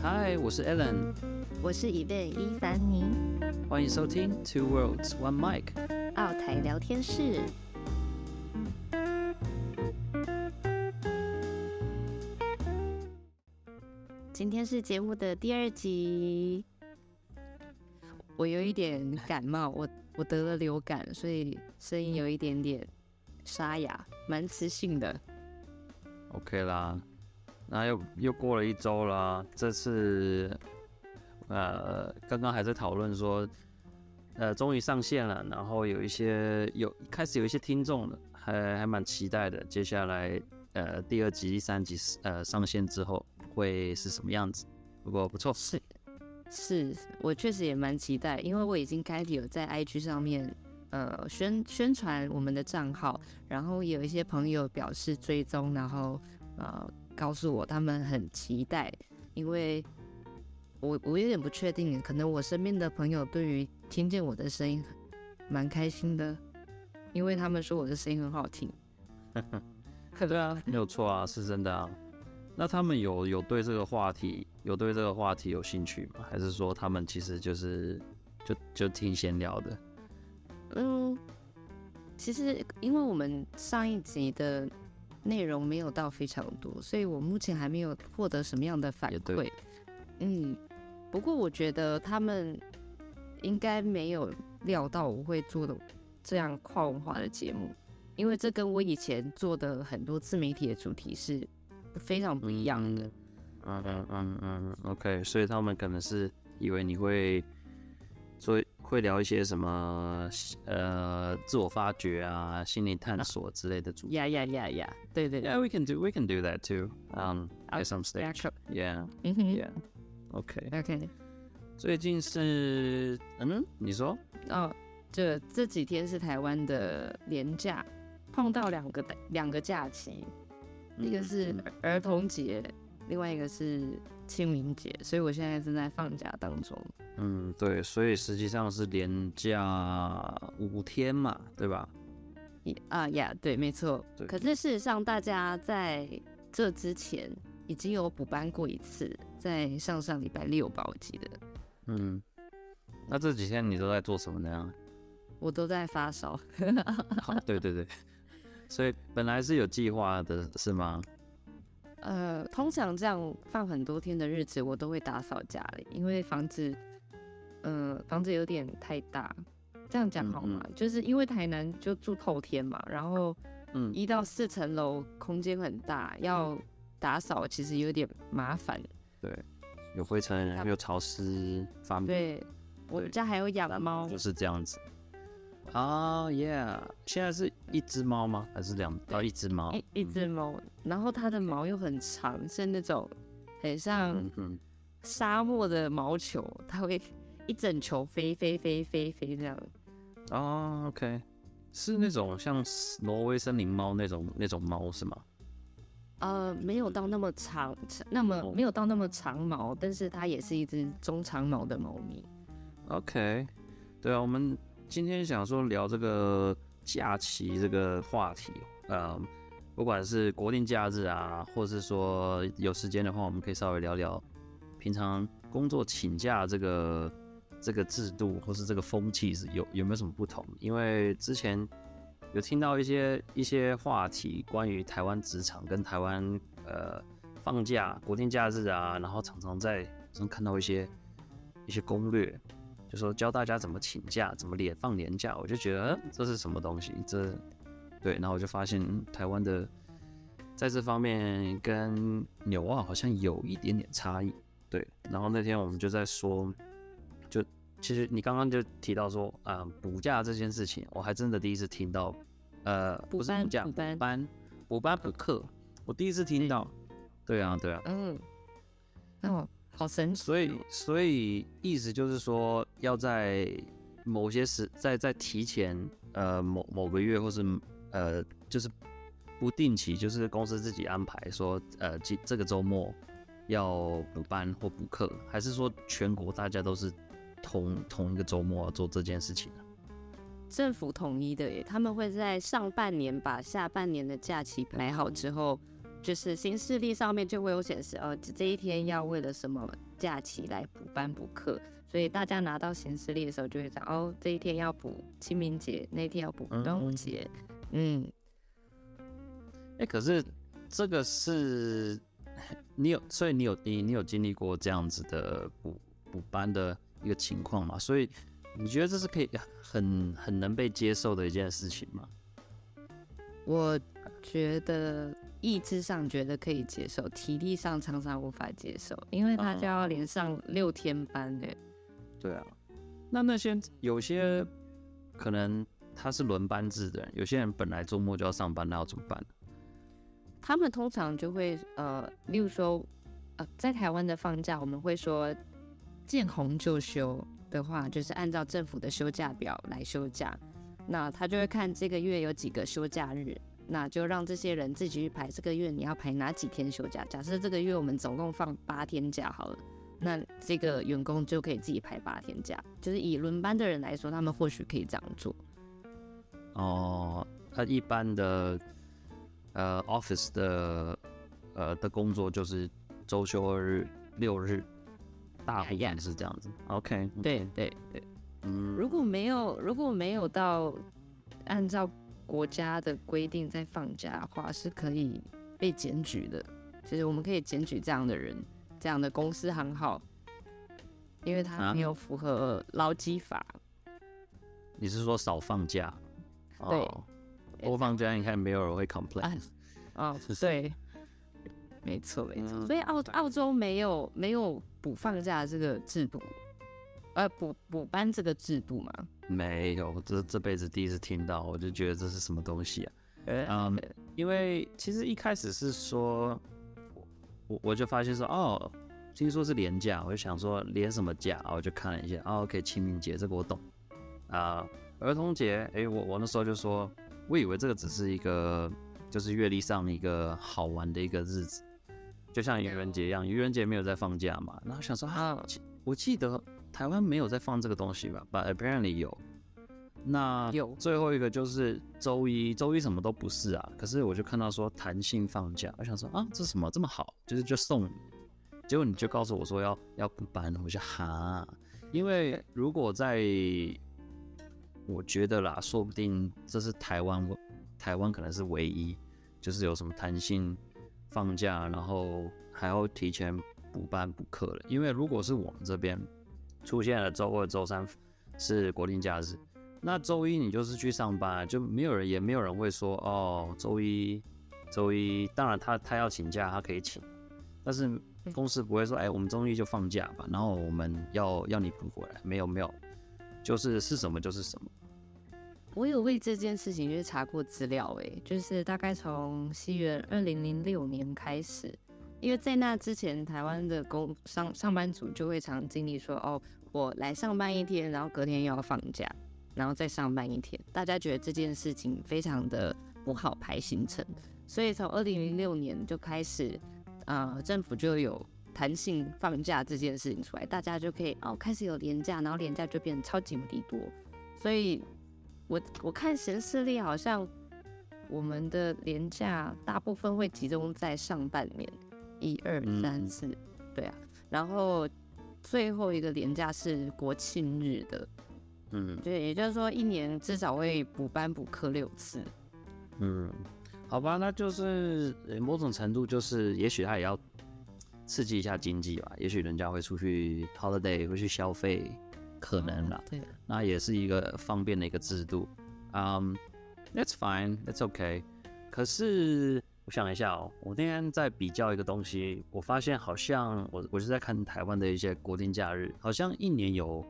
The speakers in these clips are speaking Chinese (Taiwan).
嗨，我是 Allen 我是 Evaine 伊凡妮。歡迎收聽 Two Worlds One Mic 澳台聊天室。今天是節目的第二集，我有一點感冒，我我得了流感，所以聲音有一點點沙啞，蠻磁性的。OK 啦。然後又又過了一周了，這次，呃，剛剛還在討論說，呃，終於上線了，然後有一些有開始有一些聽眾了，還還蠻期待的。接下來，呃，第二集、第三集，呃，上線之後會是什麼樣子？不過不錯，是是我確實也蠻期待，因為我已經開始有在 IG 上面，呃，宣宣傳我們的賬號，然後有一些朋友表示追蹤，然後，呃。告訴我，他們很期待，因為我我有點不確定，可能我身邊的朋友對於聽見我的聲音蠻開心的，因為他們說我的聲音很好聽。 對啊， 沒有錯啊，是真的啊。那他們有有對這個話題有對這個話題有興趣嗎？還是說他們其實就是就就聽閒聊的？嗯，其實因為我們上一集的。內容沒有到非常多，所以我目前還沒有獲得什麼樣的反饋。嗯，不過我覺得他們應該沒有料到我會做的這樣跨文化的節目，因為這跟我以前做的很多自媒體的主題是非常不一樣的。嗯嗯嗯嗯，嗯，嗯，OK，所以他們可能是以為你會做。會聊一些什麼呃，自我發掘啊、心理探索之類的主題。Yeah yeah yeah yeah，對，對對。Yeah we can do we can do that too. Um, at、okay. some stage Yeah. Yeah. Okay. Okay. 最近是嗯，你說？哦、oh，這這幾天是台灣的連假，碰到兩個兩個假期，一個是兒童節、嗯嗯，另外一個是清明節，所以我現在正在放假當中。嗯，對，所以實際上是連假五天嘛，對吧？啊呀，對，沒錯。可是事實上，大家在這之前已經有補班過一次，在上上禮拜六吧，我記得。嗯，那這幾天你都在做什麼呢？我都在發燒。 對對對，所以本來是有計劃的，是嗎？呃，通常這樣放很多天的日子，我都會打掃家裡，因為房子。嗯、呃，房子有點太大，這樣講好嗎、嗯嗯？就是因為台南就住透天嘛，然後一到四層樓空間很大，嗯、要打掃其實有點麻煩。對，有灰塵，還沒有又潮濕，發霉。對我家還有養貓，就是這樣子。啊、oh,，Yeah！現在是一隻貓嗎？還是兩？啊、哦，一隻貓、嗯。一一隻貓，然後它的毛又很長，是那種很像沙漠的毛球，它會。一整球飛飛飛飛飛這樣，啊、oh,，OK，是那種像挪威森林貓那種那種貓是嗎？呃、uh,，沒有到那麼長，長那麼沒有到那麼長毛，oh. 但是它也是一只中長毛的貓咪。OK，對啊，我們今天想說聊這個假期這個話題，呃、um,，不管是國定假日啊，或是說有時間的話，我們可以稍微聊聊平常工作請假這個。這個制度或是這個風氣是有，有沒有什麼不同？因為之前有聽到一些，一些話題，關於台灣職場跟台灣呃，放假、國定假日啊，然後常常在上看到一些，一些攻略，就說教大家怎麼請假、怎麼連放年假，我就覺得這是什麼東西？這，對，然後我就發現，嗯，台灣的在這方面跟紐澳好像有一點點差異。對，然後那天我們就在說。其實你剛剛就提到說，啊、呃，補假這件事情，我還真的第一次聽到。呃，補班、補班、補班補課，我第一次聽到，欸。對啊，對啊。嗯，那我好神奇哦。所以，所以意思就是說，要在某些時，在在提前，呃，某某個月，或是呃，就是不定期，就是公司自己安排說，呃，這這個周末要補班或補課，還是說全國大家都是？同同一個週末，啊、做這件事情，政府統一的，哎，他們會在上半年把下半年的假期排好之後，就是行事曆上面就會有顯示哦，這一天要為了什麼假期來補班補課，所以大家拿到行事曆的時候就會講：哦，這一天要補清明節，那天要補端午節，嗯，哎、嗯嗯欸，可是這個是你有，所以你有你你有經歷過這樣子的補補班的一個情況嘛，所以你覺得這是可以很很能被接受的一件事情嗎？我覺得意志上覺得可以接受，體力上常常無法接受，因為他就要連上六天班哎。對啊，那那些有些可能他是輪班制的人，有些人本來周末就要上班，那要怎麼辦？他們通常就會呃，例如說呃，在台灣的放假，我們會說。見紅就休的話，就是按照政府的休假表來休假。那他就會看這個月有幾個休假日，那就讓這些人自己去排這個月你要排哪幾天休假。假設這個月我們總共放八天假好了，那這個員工就可以自己排八天假。就是以輪班的人來說，他們或許可以這樣做。哦，那一般的呃，office 的呃的工作就是周休二日六日。啊，一樣是這樣子，OK，對對對，如果沒有如果沒有到按照國家的規定在放假的話，是可以被檢舉的。就是我們可以檢舉這樣的人，這樣的公司行號，因為他沒有符合勞基法。你、啊、是說少放假？對，多放假你看沒有人會 complain 啊、哦，對。 沒錯，沒錯、嗯。所以澳澳洲沒有沒有補放假這個制度，呃，補補班這個制度嗎？沒有，這是這輩子第一次聽到，我就覺得這是什麼東西啊？欸、嗯，因為其實一開始是說，我我就發現說，哦，聽說是連假，我就想說連什麼假，我就看了一下，啊、哦，okay，清明節這個我懂啊、呃，兒童節，哎、欸，我我那時候就說，我以為這個只是一個就是閱歷上的一個好玩的一個日子。就像愚人節一樣，愚人節沒有在放假嘛？然後想說啊，我記得台灣沒有在放這個東西吧？But apparently 有。那有最後一個就是週一，週一什麼都不是啊。可是我就看到說彈性放假，我想說啊，這什麼這麼好？就是就送你。結果你就告訴我說要要不搬，我就哈、啊。因為如果在，我覺得啦，說不定這是台灣，台灣可能是唯一，就是有什麼彈性。放假，然後還要提前補班補課的，因為如果是我們這邊出現了周二、周三是國定假日，那周一你就是去上班，就沒有人也沒有人會說哦，周一周一，當然他他要請假，他可以請，但是公司不會說哎、欸，我們周一就放假吧，然後我們要要你補回來，沒有沒有，就是是什麼就是什麼。我有為這件事情去查過資料，欸，誒，就是大概從西元二零零六年開始，因為在那之前，台灣的工上上班族就會常經歷說，哦，我來上班一天，然後隔天又要放假，然後再上班一天，大家覺得這件事情非常的不好排行程，所以從二零零六年就開始，呃，政府就有彈性放假這件事情出來，大家就可以哦開始有連假，然後連假就變得超級無敵多，所以。我我看行事曆好像，我們的連假大部分會集中在上半年，一二三四、嗯，對啊，然後最後一個連假是國慶日的，嗯，對，也就是說一年至少會補班補課六次，嗯，好吧，那就是、欸、某種程度就是，也許他也要刺激一下經濟吧，也許人家會出去 holiday，會去消費。可能啦，對，那也是一個方便的一個制度。嗯，that's fine, that's okay。可是我想一下哦，我那天在比較一個東西，我發現好像我我是在看台灣的一些國定假日，好像一年有，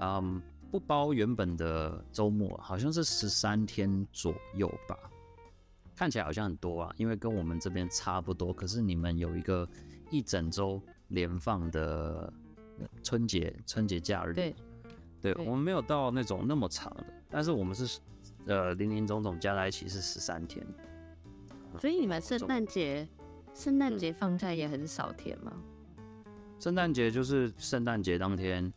嗯，不包原本的週末，好像是十三天左右吧。看起來好像很多啊，因為跟我們這邊差不多。可是你們有一個一整週連放的。春節春節假日對，對，我們沒有到那種那麼長的，但是我們是呃，林林總總加在一起是十三天，所以你們聖誕節聖誕節放假也很少天嗎？聖誕節就是聖誕節當天，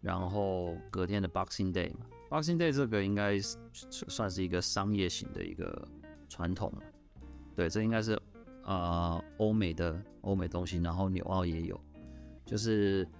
然後隔天的 Boxing Day 嘛，Boxing Day 這個應該算是一個商業型的一個傳統，對，這應該是呃歐美的歐美東西，然後紐澳也有，就是。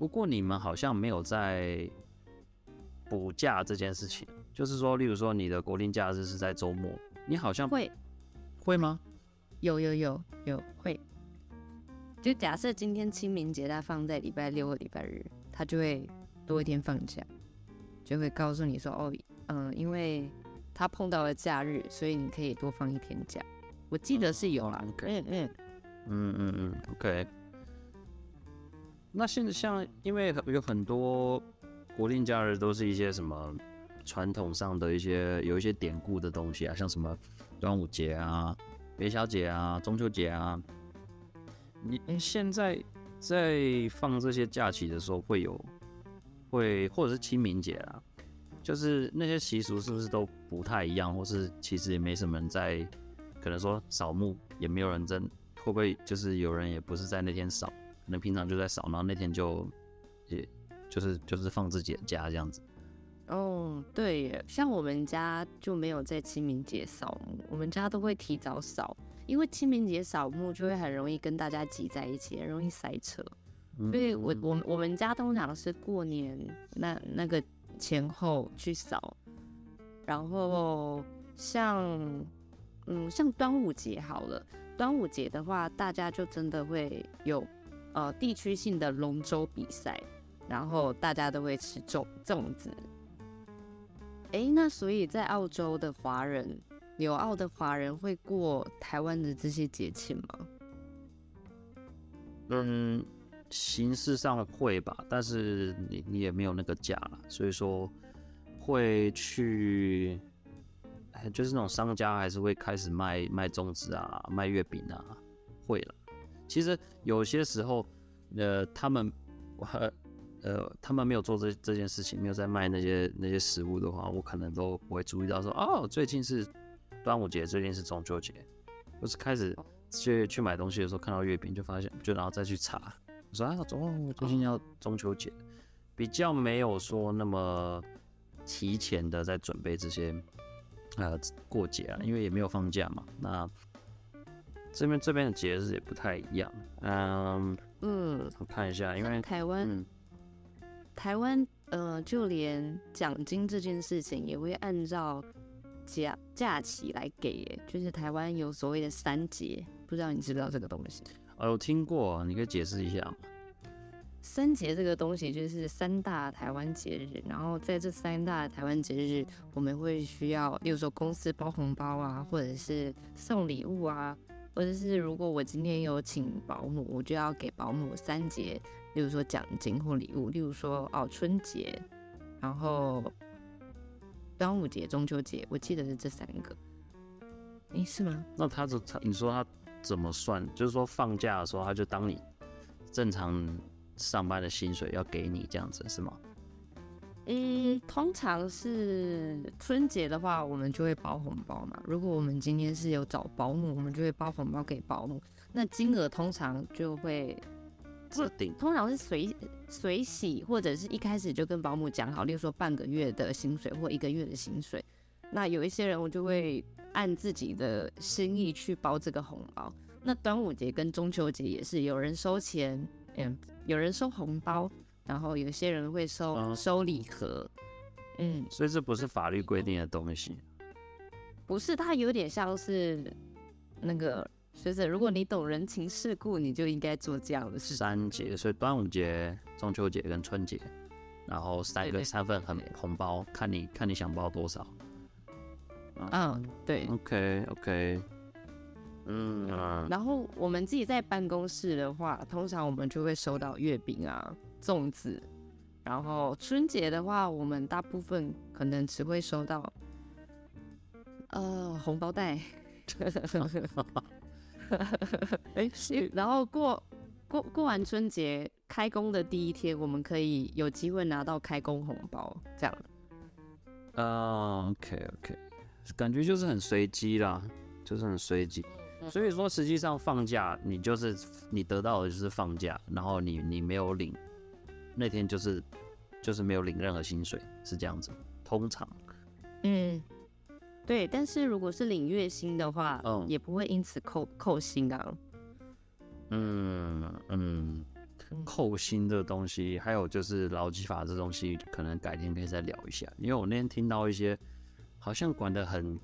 不過你們好像沒有在補假這件事情，就是說，例如說你的國定假日是在周末，你好像會會嗎？有有有有會。就假設今天清明節他放在禮拜六和禮拜日，他就會多一天放假，就會告訴你說：“哦，嗯，因為他碰到了假日，所以你可以多放一天假。”我記得是有啦，嗯、okay. 嗯嗯嗯嗯嗯，OK。那現在像，因為有很多國定假日都是一些什麼傳統上的一些有一些典故的東西啊，像什麼端午節啊、元宵節啊、中秋節啊。你、欸、現在在放這些假期的時候會有，會有會或者是清明節啊，就是那些習俗是不是都不太一樣，或是其實也沒什麼人在，可能說掃墓也沒有人真，會不會就是有人也不是在那天掃？可能平常就在掃，然後那天就，也就是就是放自己的家這樣子。哦，oh，對耶，像我們家就沒有在清明節掃墓，我們家都會提早掃，因為清明節掃墓就會很容易跟大家擠在一起，很容易塞車。所以我我我們家通常都是過年那那個前後去掃，然後像嗯像端午節好了，端午節的話，大家就真的會有。呃，地區性的龍舟比賽，然後大家都會吃粽粽子。誒、欸，那所以在澳洲的華人，紐澳的華人會過台灣的這些節慶嗎？嗯，形式上會吧，但是你你也沒有那個假了，所以說會去，就是那種商家還是會開始賣賣粽子啊，賣月餅啊，會了。其實有些時候，呃，他們，呃，呃，他們沒有做這這件事情，沒有在賣那些那些食物的話，我可能都不會注意到說，哦，最近是端午節，最近是中秋節，我是開始去去買東西的時候看到月餅，就發現，就然後再去查，我說啊，哦，最近要中秋節，比較沒有說那麼提前的在準備這些，呃，過節啊，因為也沒有放假嘛，那。這邊這邊的節日也不太一樣，嗯、呃、嗯，我看一下，因為台灣，台灣、嗯，呃，就連獎金這件事情也會按照假假期來給，哎，就是台灣有所謂的三節，不知道你知不知道這個東西？哦，我聽過，你可以解釋一下嗎？三節這個東西就是三大台灣節日，然後在這三大台灣節日，我們會需要，比如說公司包紅包啊，或者是送禮物啊。或者是如果我今天有請保姆，我就要給保姆三節，例如說獎金或禮物，例如說哦春節，然後端午節、中秋節，我記得是這三個。誒、欸，是嗎？那他怎他你說他怎麼算？就是說放假的時候，他就當你正常上班的薪水要給你這樣子，是嗎？嗯，通常是春節的話，我們就會包紅包嘛。如果我們今天是有找保姆，我們就會包紅包給保姆。那金額通常就會自定，通常是隨隨喜，或者是一開始就跟保姆講好，例如說半個月的薪水或一個月的薪水。那有一些人，我就會按自己的心意去包這個紅包。那端午節跟中秋節也是，有人收錢，嗯，有人收紅包。然後有些人會收、嗯、收禮盒，嗯，所以這不是法律規定的東西、嗯，不是，它有點像是那個學者，如果你懂人情世故，你就應該做這樣的事。三節，所以端午節、中秋節跟春節，然後塞個三份很紅包，看你看你想包多少。嗯，對。OK OK，嗯，嗯、啊、然後我們自己在辦公室的話，通常我們就會收到月餅啊。粽子，然後春節的話，我們大部分可能只會收到呃紅包袋、 欸，是。然後過過過完春節，開工的第一天，我們可以有機會拿到開工紅包，這樣。啊、uh，OK OK，感覺就是很隨機啦，就是很隨機。所以說，實際上放假你就是你得到的就是放假，然後你你沒有領。那天就是，就是沒有領任何薪水，是這樣子。通常，嗯，對。但是如果是領月薪的話，嗯，也不會因此扣扣薪啊。嗯嗯，扣薪的東西，還有就是勞基法這東西，可能改天可以再聊一下。因為我那天聽到一些，好像管得很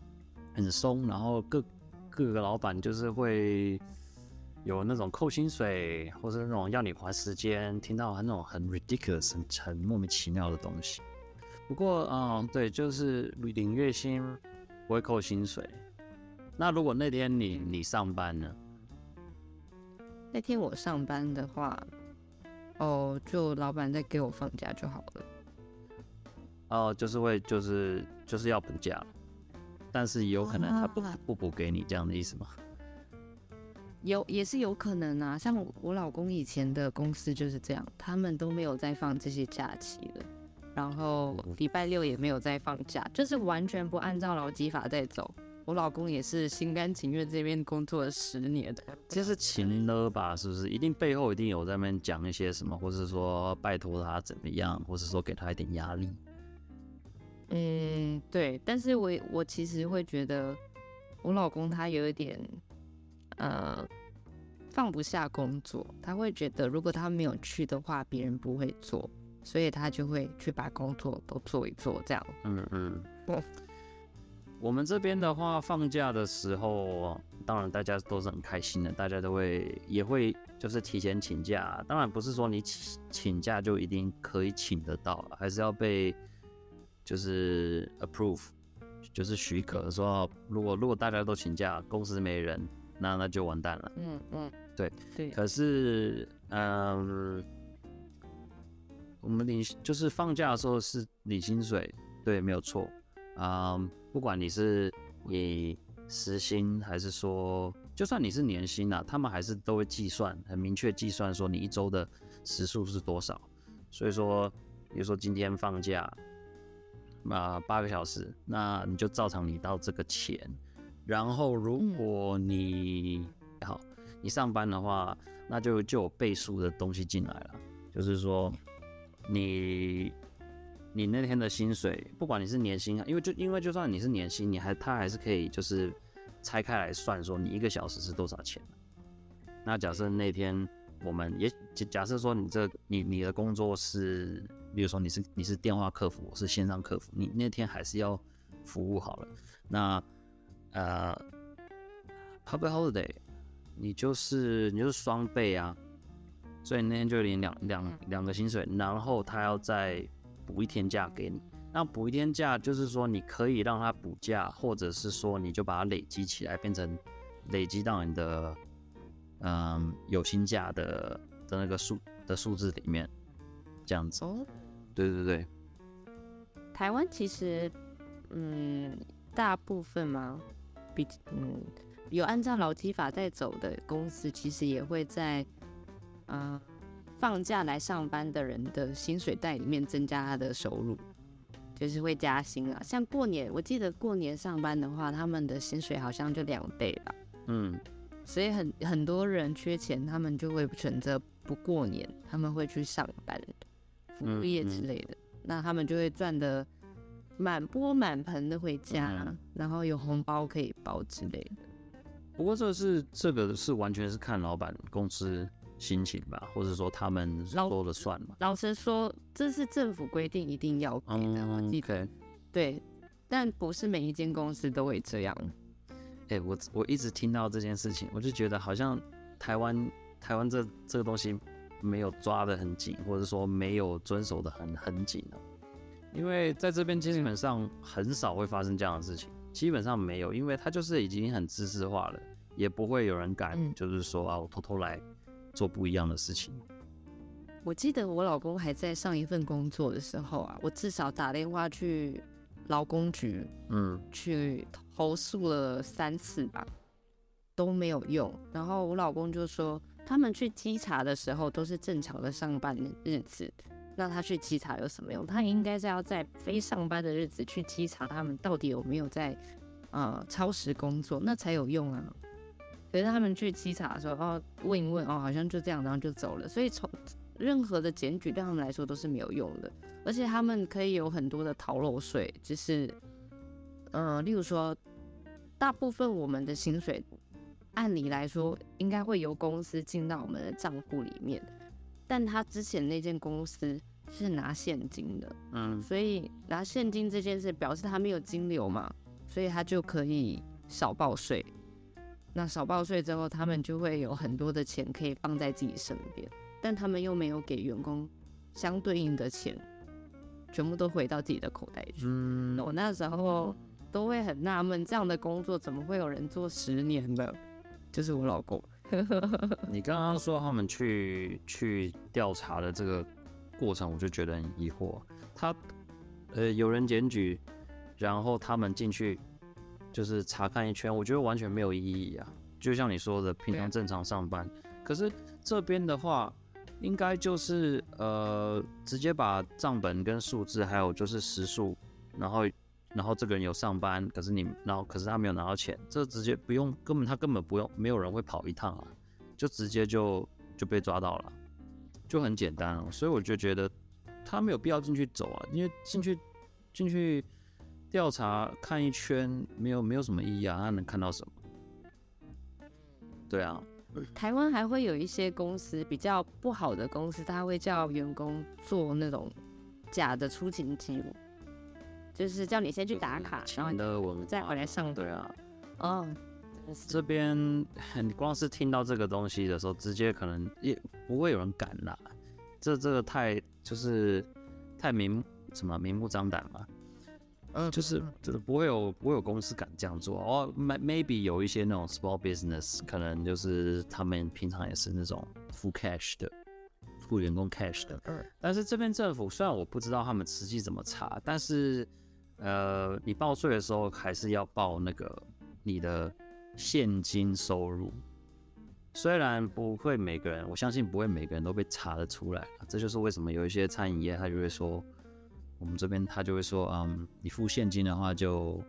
很鬆，然後各各個老闆就是會。有那種扣薪水，或是那種要你還時間，聽到那種很 ridiculous 很、很莫名其妙的東西。不過，嗯，對，就是領月薪不會扣薪水。那如果那天你你上班呢？那天我上班的話，哦，就老闆再給我放假就好了。哦、嗯，就是會，就是就是要補假，但是有可能他不、oh, 不補給你這樣的意思嗎？有也是有可能啊，像我老公以前的公司就是這樣，他們都沒有再放這些假期了，然後禮拜六也沒有再放假，就是完全不按照勞基法在走。我老公也是心甘情願這邊工作了十年的，就是勤了吧，是不是？一定背後一定有在那邊講一些什麼，或是說拜託他怎麼樣，或是說給他一點壓力。嗯，對，但是我我其實會覺得我老公他有一點。呃、嗯，放不下工作，他會覺得如果他沒有去的話，別人不會做，所以他就會去把工作都做一做。這樣，嗯嗯。我 我們這邊的話，放假的時候，當然大家都是很開心的，大家都會也會就是提前請假。當然不是說你請請假就一定可以請得到，還是要被就是 approve，就是許可說，說如果如果大家都請假，公司沒人。那那就完蛋了。嗯。嗯嗯，對對。可是，嗯、呃，我們領就是放假的時候是領薪水，對，沒有錯。啊、嗯，不管你是以時薪還是說，就算你是年薪啊，他們還是都會計算，很明確計算說你一周的時數是多少。所以說，比如說今天放假，那、呃、八個小時，那你就照常領到這個錢。然後，如果你、嗯、好，你上班的話，那就就有倍數的東西進來了。就是說你，你你那天的薪水，不管你是年薪，因為就因為就算你是年薪，你還他還是可以就是拆開來算，說你一個小時是多少錢。那假設那天我們也，也假設說你這你你的工作是，比如說你是你是電話客服，我是線上客服，你那天還是要服務好了，那。呃、uh，Public Holiday，你就是你就是雙倍啊，所以那天就領兩兩兩個薪水，然後他要再補一天假給你。那補一天假就是說你可以讓他補假，或者是說你就把它累積起來，變成累積到你的嗯、呃、有薪假的的那個數的數字裡面，這樣子哦。對對對。台灣其實，嗯，大部分嗎？嗯，有按照勞基法在走的公司，其實也會在，嗯、呃、放假來上班的人的薪水袋裡面增加他的收入，就是會加薪啊。像過年，我記得過年上班的話，他們的薪水好像就兩倍吧。嗯，所以很很多人缺錢，他們就會選擇不過年，他們會去上班，服務業之類的，嗯嗯、那他們就會賺的。滿缽滿盆的回家，啊，然後有紅包可以包之類的。不過這是這個是完全是看老闆公司心情吧，或者說他們說了算嘛。老，老實說，這是政府規定一定要給的，對、嗯 okay。對，但不是每一間公司都會這樣。哎、欸，我我一直聽到這件事情，我就覺得好像台灣台灣這這個東西沒有抓得很緊，或者說沒有遵守得很很緊，啊。因為在這邊基本上很少會發生這樣的事情，基本上沒有，因為他就是已經很知識化了，也不會有人敢就是說、嗯、啊，我偷偷來做不一樣的事情。我記得我老公還在上一份工作的時候啊，我至少打電話去勞工局，嗯，去投訴了三次吧，都沒有用。然後我老公就說，他們去稽查的時候都是正常的上班日子。讓他去稽查有什麼用？他應該是要在非上班的日子去稽查他們到底有沒有在呃超時工作，那才有用啊。可是他們去稽查的時候，哦問一問，哦好像就這樣，然後就走了。所以從任何的檢舉對他們來說都是沒有用的。而且他們可以有很多的逃漏稅，就是，呃，例如說，大部分我們的薪水按理來說應該會由公司進到我們的賬戶裡面。但他之前那間公司是拿現金的，嗯，所以拿現金這件事表示他沒有金流嘛，所以他就可以少報稅。那少報稅之後，他們就會有很多的錢可以放在自己身邊，但他們又沒有給員工相對應的錢，全部都回到自己的口袋去。嗯，我那時候都會很納悶，這樣的工作怎麼會有人做十年的？就是我老公。 你剛剛說他們去去調查的這個過程，我就覺得很疑惑。他呃有人檢舉，然後他們進去就是查看一圈，我覺得完全沒有意義啊。就像你說的，平常正常上班，啊、可是這邊的話，應該就是呃直接把賬本跟數字，還有就是時數，然後。然後這個人有上班，可是你，然後可是他沒有拿到錢，這直接不用，根本他根本不用，沒有人會跑一趟啊，就直接就就被抓到了，就很簡單了啊。所以我就覺得他沒有必要進去走啊，因為進去進去調查看一圈，沒有沒有什麼意義啊，他能看到什麼？對啊，台灣還會有一些公司比較不好的公司，他會叫員工做那種假的出勤記錄。就是叫你先去打卡，然後呢，我們再回來上。對啊，哦，這邊很光是聽到這個東西的時候，直接可能也不會有人敢了，這這個太就是太明什麼明目張膽了。嗯、uh,，就是就是不會有不會有公司敢這樣做哦，may maybe 有一些那種 small business 可能就是他們平常也是那種付 cash 的，付員工 cash 的，嗯、uh,，但是這邊政府雖然我不知道他們實際怎麼查，但是。呃、uh,，你報稅的時候還是要報那個你的現金收入，雖然不會每個人，我相信不會每個人都被查得出來，啊、這就是為什麼有一些餐飲業他就會說，我們這邊他就會說，嗯、um,，你付現金的話就，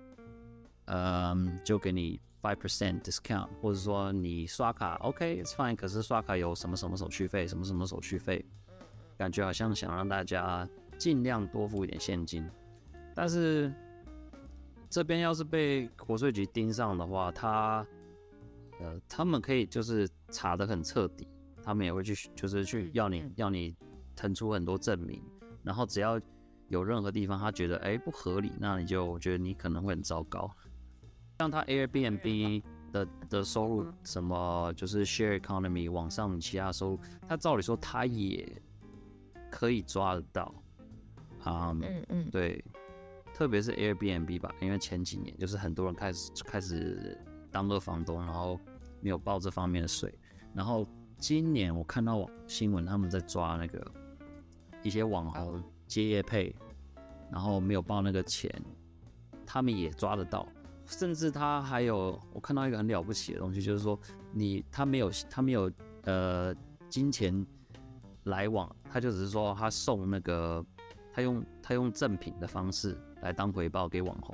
嗯、um,，就給你 five percent discount，或者說你刷卡，OK，it's fine，可是刷卡有什麼什麼手續費，什麼什麼手續費，感覺好像想讓大家盡量多付一點現金。但是這邊要是被國稅局盯上的話，他呃，他們可以就是查得很徹底，他們也會去就是去要你要你騰出很多證明，然後只要有任何地方他覺得哎、欸、不合理，那你就我覺得你可能會很糟糕。像他 Airbnb 的的收入，什麼就是 Share Economy 網上其他收入，他照理說他也可以抓得到，啊，嗯嗯，對。特別是 Airbnb 吧，因為前幾年就是很多人開始開始當做房東，然後沒有報這方面的稅。然後今年我看到網新聞，他們在抓那個一些網紅接業配，然後沒有報那個錢，他們也抓得到。甚至他還有我看到一個很了不起的東西，就是說你他沒有他沒有呃金錢來往，他就只是說他送那個他用他用贈品的方式，來當回報給網紅，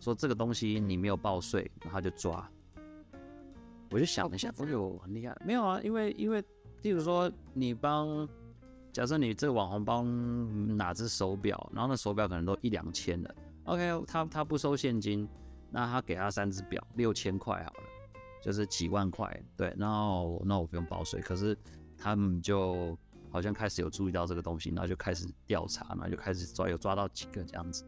說這個東西你沒有報稅，然後他就抓。我就想了一下，我有很厲害，沒有啊，因為因為，例如說你幫，假設你這個網紅幫哪隻手表，然後那手表可能都一兩千了，OK，他他不收現金，那他給他三隻表，六千塊好了，就是幾萬塊，對，然後那我不用報稅，可是他們就好像開始有注意到這個東西，然後就開始調查，然後就開始抓，有抓到幾個這樣子。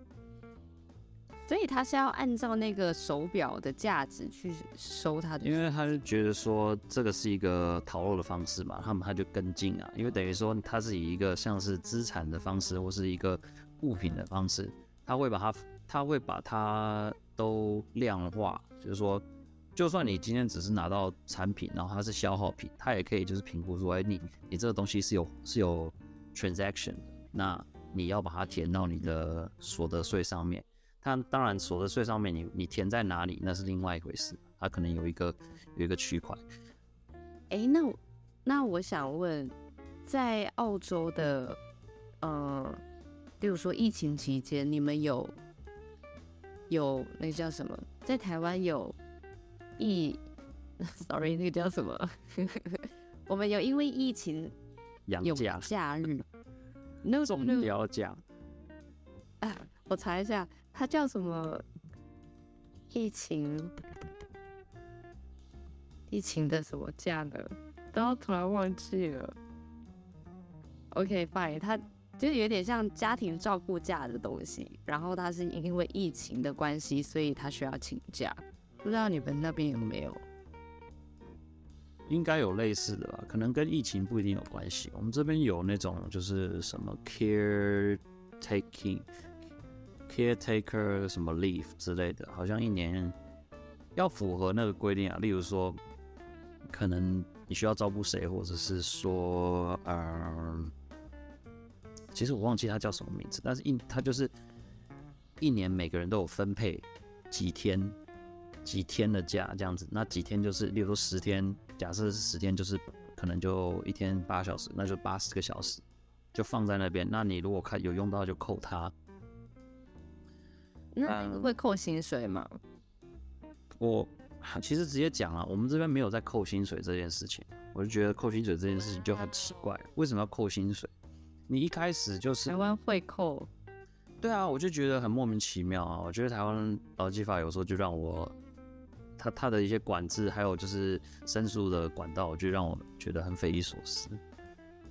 所以他是要按照那個手錶的價值去收他的，因為他就覺得說這個是一個逃漏的方式嘛，他們他就跟進啊，因為等於說他是以一個像是資產的方式或是一個物品的方式，他會把它他，他會把它都量化，就是說，就算你今天只是拿到產品，然後它是消耗品，他也可以就是評估說，哎你你這個東西是有是有 transaction，那你要把它填到你的所得稅上面。他當然所得稅上面你你填在哪裡那是另外一回事，他、啊、可能有一個有一個區塊。哎、欸，那那我想問，在澳洲的，嗯、呃，比如說疫情期間，你們有有那個、叫什麼？在台灣有疫，sorry，那個叫什麼？ 我們有因為疫情假有假假日，那種醫療假。啊，我查一下。他叫什麼？疫情，疫情的什麼假呢？然後突然忘記了。OK，fine，、okay，他就是有點像家庭照顧假的東西，然後他是因為疫情的關係，所以他需要請假。不知道你們那邊有沒有？應該有類似的吧？可能跟疫情不一定有關係。我們這邊有那種就是什麼 caretaking。caretaker 什麼 leave 之類的，好像一年要符合那個規定啊。例如說，可能你需要照顧誰，或者是說，嗯、呃，其實我忘記他叫什麼名字，但是一他就是一年每個人都有分配幾天幾天的假，這樣子。那幾天就是，例如說十天，假設是十天，就是可能就一天八小時，那就八十個小時就放在那邊。那你如果看有用到就扣他。那你會扣薪水嗎？嗯，我其實直接講了，啊，我們這邊沒有在扣薪水這件事情。我就覺得扣薪水這件事情就很奇怪，為什麼要扣薪水？你一開始就是台灣會扣，對啊，我就覺得很莫名其妙啊。我覺得台灣勞基法有時候就讓我他他的一些管制，還有就是申訴的管道，就讓我覺得很匪夷所思。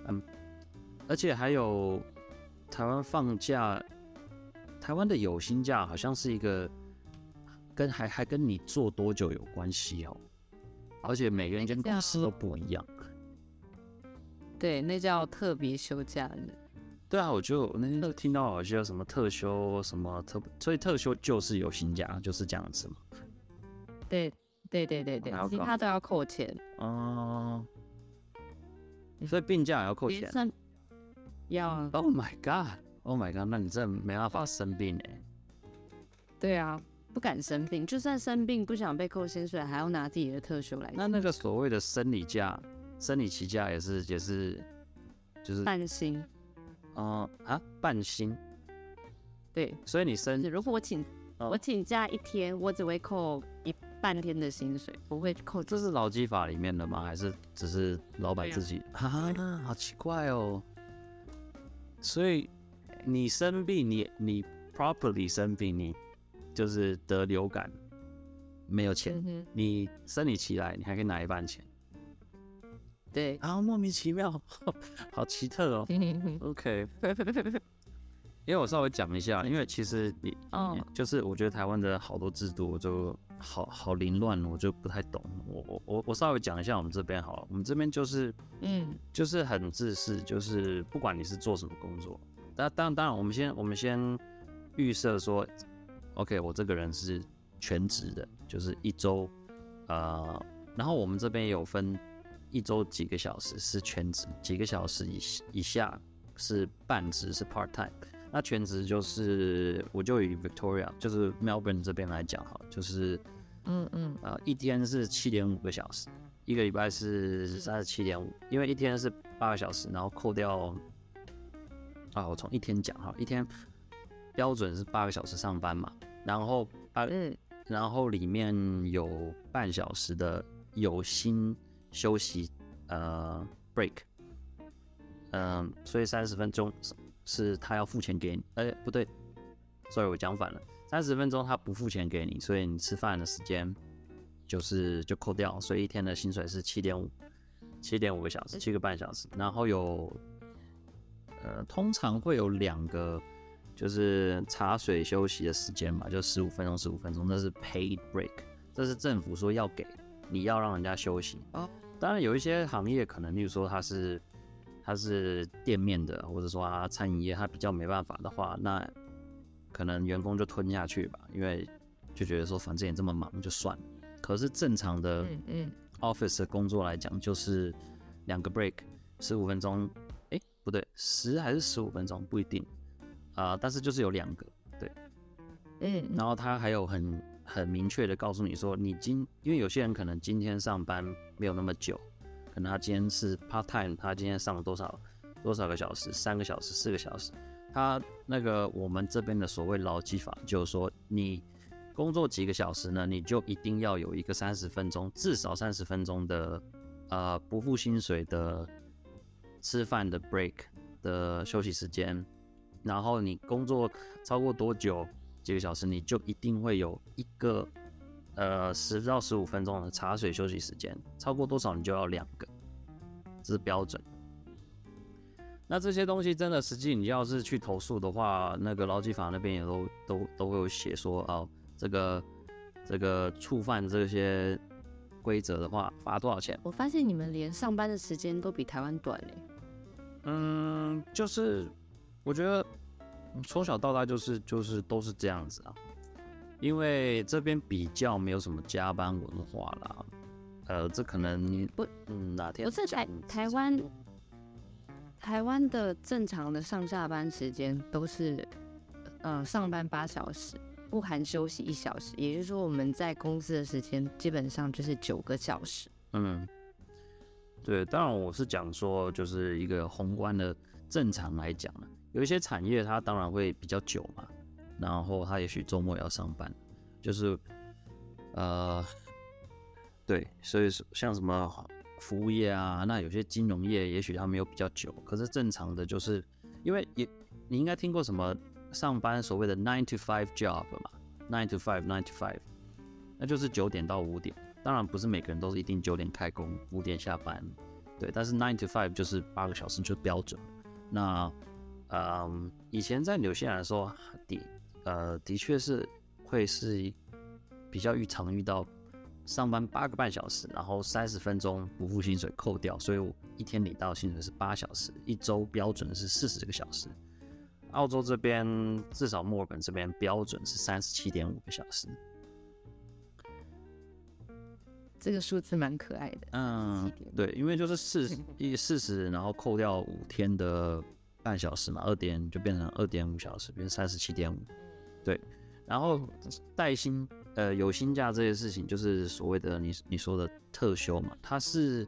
嗯，而且還有台灣放假。台灣的有薪假好像是一個跟還還跟你做多久有關係哦、喔，而且每個人跟公司都不一樣。那個、對，那叫、個、特別休假。對啊，我就我那天都聽到好像什麼特休什麼特，所以特休就是有薪假，就是這樣子嘛。對對對對對、oh，其他都要扣錢哦、嗯。所以病假也要扣錢。嗯、要啊。Oh my god！Oh my god！那你這沒辦法生病哎、欸。對啊，不敢生病，就算生病，不想被扣薪水，還要拿自己的特休來。那那個所謂的生理假、生理期假也是也是，就是半薪。嗯、呃、啊，半薪。對，所以你生，如果我請我請假一天，我只會扣一半天的薪水，不會扣。這是勞基法裡面的嗎？還是只是老板自己？哈哈、啊啊，好奇怪哦、喔。所以。你生病，你你 properly 生病，你就是得流感，沒有錢。嗯、你生理期來，你還可以拿一半錢。對啊，莫名其妙，好奇特哦。OK， 因為我稍微講一下，因為其實你，哦、你就是我覺得台灣的好多制度，我就好好凌亂，我就不太懂。我我我我稍微講一下我們這邊好了，我們這邊就是嗯，就是很自私，就是不管你是做什麼工作。那、啊、當然當然，我們先我們先預設說，OK，我這個人是全職的，就是一周，呃，然後我們這邊有分一周幾個小時是全職，幾個小時以以下是半職是 part time。那全職就是我就以 Victoria，就是 Melbourne 這邊來講哈，就是嗯嗯，呃，一天是七點五個小時，一個禮拜是三十七點五，因為一天是八個小時，然後扣掉。啊，我從一天講哈，一天標準是八個小時上班嘛，然後八，然後裡面有半小時的有薪休息，呃，break，嗯、呃，所以三十分鐘是他要付錢給你，哎、欸，不對，所以我講反了，三十分鐘他不付錢給你，所以你吃飯的時間就是就扣掉，所以一天的薪水是七點五，七點五個小時，七個半小時，然後有。呃，通常會有兩個，就是茶水休息的時間嘛，就十五分鐘，十五分鐘，那是 paid break，這是政府說要給，你要讓人家休息。哦，當然有一些行業可能，例如說他是它是店面的，或者說啊餐飲業，它比較沒辦法的話，那可能員工就吞下去吧，因為就覺得說反正也這麼忙就算。可是正常的 office 的工作來講，就是兩個 break，十五分鐘。不對，十還是十五分鐘不一定啊、呃，但是就是有兩個對，嗯、欸，然後他還有很很明確的告訴你說，你今因為有些人可能今天上班沒有那麼久，可能他今天是 part time，他今天上了多少多少個小時，三個小時、四個小時，他那個我們這邊的所謂勞基法就是說，你工作幾個小時呢，你就一定要有一個三十分鐘，至少三十分鐘的呃不付薪水的。吃飯的 break 的休息時間，然後你工作超過多久幾個小時，你就一定會有一個呃十到十五分鐘的茶水休息時間。超過多少你就要兩個，這是標準。那這些東西真的，實際你要是去投訴的話，那個勞基法那邊也都都都會有寫說啊、哦，這個這個觸犯這些規則的話，罰多少錢？我發現你們連上班的時間都比台灣短哎、欸。嗯，就是，我覺得從小到大就是就是都是這樣子啊，因為這邊比較沒有什麼加班文化啦，呃，這可能你不，嗯，哪天？我是在台灣台灣的正常的上下班時間都是，嗯、呃，上班八小時，不含休息一小時，也就是說我們在公司的時間基本上就是九個小時。嗯。對，當然我是講說，就是一個宏觀的正常來講呢，有一些產業它當然會比較久嘛，然後它也許週末也要上班，就是呃，對，所以說像什麼服務業啊，那有些金融業也許他們又比較久，可是正常的，就是因為也你應該聽過什麼上班所謂的 nine to five job 嘛，nine to five，nine to five，那就是九點到五點。當然不是每個人都是一定九點開工五點下班，對，但是 nine to five 就是八個小時就是標準。那呃，以前在紐西蘭的時候，的呃，的確是會是比較常遇到上班八個半小時，然後三十分鐘不付薪水扣掉，所以我一天領到薪水是八小時，一周標準是四十個小時。澳洲這邊至少墨爾本這邊標準是三十七點五個小時。這個數字蠻可愛的，嗯，對，因為就是四一四十，然後扣掉五天的半小時嘛，二點就變成二點五小時，變成三十七點五，對。然後帶薪呃有薪假這些事情，就是所謂的你你說的特休嘛，它是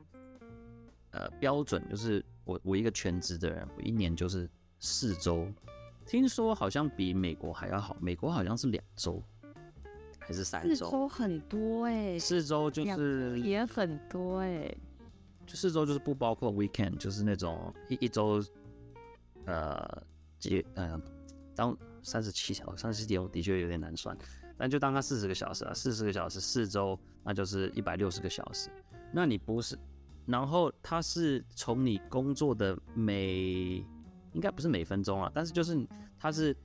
呃標準，就是我我一個全職的人，我一年就是四周，聽說好像比美國還要好，美國好像是兩周。是三四周，很多哎、欸，四周就是也很多哎、欸，就四周就是不包括 weekend，就是那種一一周，呃，幾呃，當三十七小時，三十七點五的確有點難算，但就當他四十個小時啊，四十個小時四周那就是一百六十個小時，那你不是，然後他是從你工作的每，應該不是每分鐘啊，但是就是他是，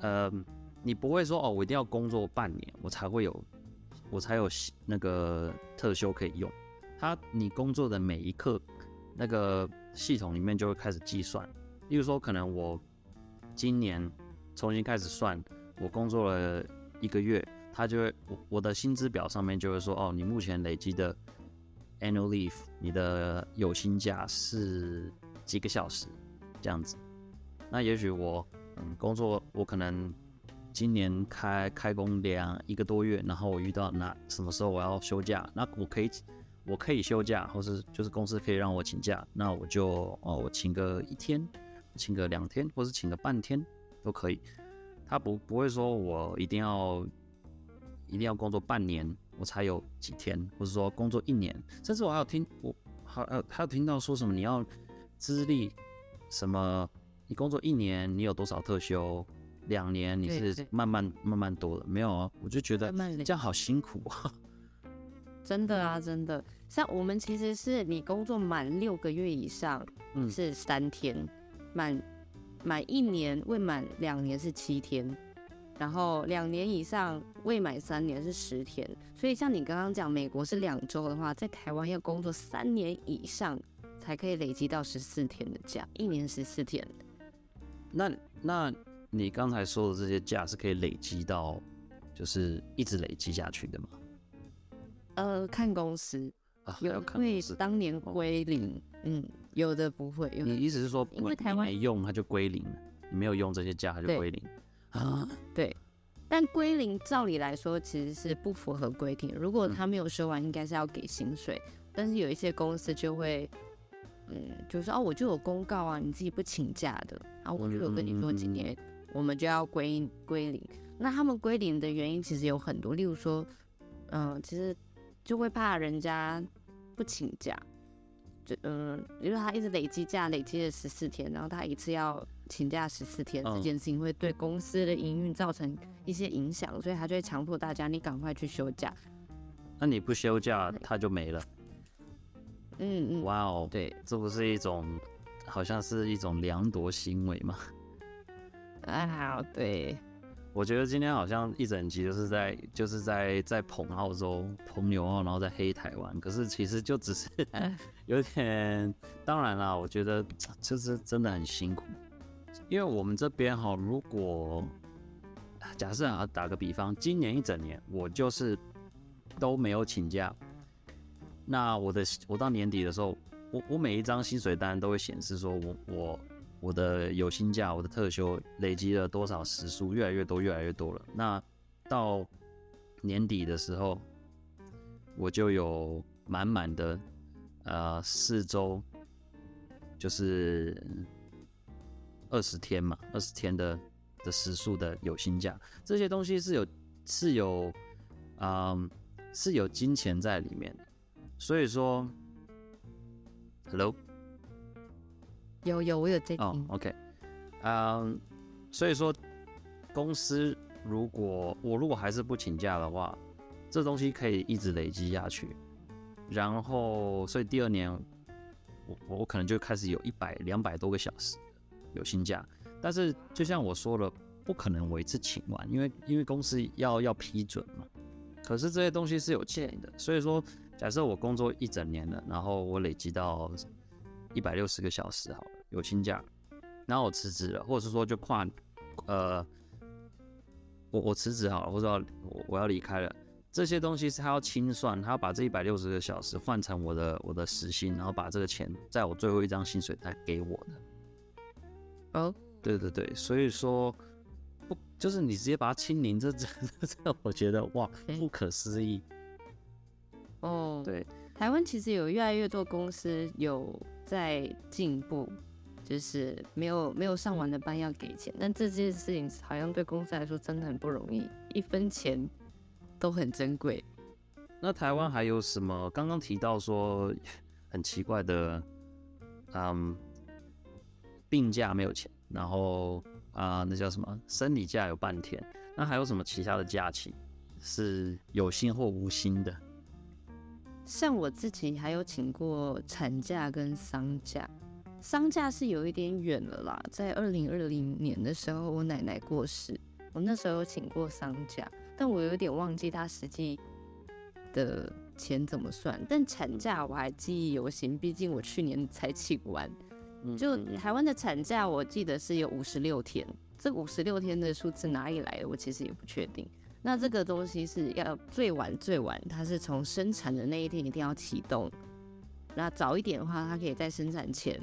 呃。你不會說哦，我一定要工作半年，我才會有，我才有那個特休可以用。他，你工作的每一刻，那個系統裡面就會開始計算。例如說，可能我今年重新開始算，我工作了一個月，他就會，我我的薪資表上面就會說，哦，你目前累積的 annual leave，你的有薪假是幾個小時這樣子。那也許我，嗯，工作我可能。今年開開工兩一個多月，然後我遇到那什麼時候我要休假，那我可以我可以休假，或是就是公司可以讓我請假，那我就哦我請個一天，請個兩天，或是請個半天都可以。他不不會說我一定要一定要工作半年，我才有幾天，或是說工作一年，甚至我還有聽我還有，還有聽到說什麼你要資歷什麼，你工作一年你有多少特休？兩年你是慢慢慢慢多了，沒有啊？我就覺得這樣好辛苦啊！真的啊，真的。像我們其實是你工作滿六個月以上，嗯，是三天；滿、嗯、滿一年未滿兩年是七天；然後兩年以上未滿三年是十天。所以像你剛剛講美國是兩周的話，在台灣要工作三年以上才可以累積到十四天的假，一年十四天。那那。你剛才說的這些假是可以累積到，就是一直累積下去的嗎？呃，看公司啊，有的為當年歸零、哦，嗯，有的不會。有的你意思是說，因為台灣沒用它就歸零，你沒有用這些假它就歸零啊？對。但歸零照理來說其實是不符合規定。如果他沒有休完，應該是要給薪水、嗯。但是有一些公司就會，嗯，就是說哦，我就有公告啊，你自己不請假的，然、啊、後我就有跟你說今年。我們就要歸歸零，那他們歸零的原因其實有很多，例如說，嗯、呃，其實就會怕人家不請假，就嗯，因、呃、為他一直累積假，累積了十四天，然後他一次要請假十四天，這件事情會對公司的營運造成一些影響，所以他就會強迫大家，你趕快去休假。那你不休假，他就沒了。嗯，哇、嗯、哦，wow, 對，這不是一種好像是一種掠奪行為嗎？啊，對，我覺得今天好像一整集就是在就是在在捧澳洲捧牛澳，然後在黑台灣。可是其實就只是有點， 當然啦，我覺得其實真的很辛苦，因為我們這邊哈，如果假設啊，打個比方，今年一整年我就是都沒有請假，那我的我到年底的時候，我我每一張薪水單都會顯示說我我。我的有薪假，我的特休累積了多少時數？越來越多，越來越多了。那到年底的時候，我就有滿滿的呃四周，就是二十天嘛，二十天的的時數的有薪假。這些東西是有是有嗯、呃、是有金錢在裡面，所以說，Hello。有有，我有這個。Oh, OK，嗯、um,，所以說，公司如果我如果還是不請假的話，這東西可以一直累積下去。然後，所以第二年我我可能就開始有一百兩百多個小時有薪假。但是就像我說了，不可能我一次請完，因為因為公司要要批准嘛。可是這些東西是有建議的，所以說假設我工作一整年了，然後我累積到。一百六十個小時好了，有薪假，然後我辭職了，或者是說就跨，呃，我我辭職好了，或者我要我，我要離開了，這些東西是他要清算，他要把這一百六十個小時換成我的我的時薪，然後把這個錢在我最後一張薪水袋給我的。哦、oh?，對對對，所以說不就是你直接把它清零這，這這這，我覺得哇不可思議。哦、欸，oh, 對，台灣其實有越來越多公司有。在進步，就是沒有沒有上完的班要給錢，但這件事情好像對公司來說真的很不容易，一分錢都很珍貴。那台灣還有什麼？剛剛提到說很奇怪的，嗯，病假沒有錢，然後啊、嗯，那叫什麼，生理假有半天，那還有什麼其他的假期是有薪或無薪的？像我自己還有請過產假跟喪假，喪假是有一點遠了啦，在二零二零年的時候我奶奶過世，我那時候有請過喪假，但我有點忘記他實際的錢怎麼算。但產假我還記憶猶新，畢竟我去年才請完。就台灣的產假，我記得是有五十六天，這五十六天的數字哪裡來的？我其實也不確定。那這個東西是要最晚最晚，它是從生產的那一天一定要啟動。那早一點的話，它可以在生產前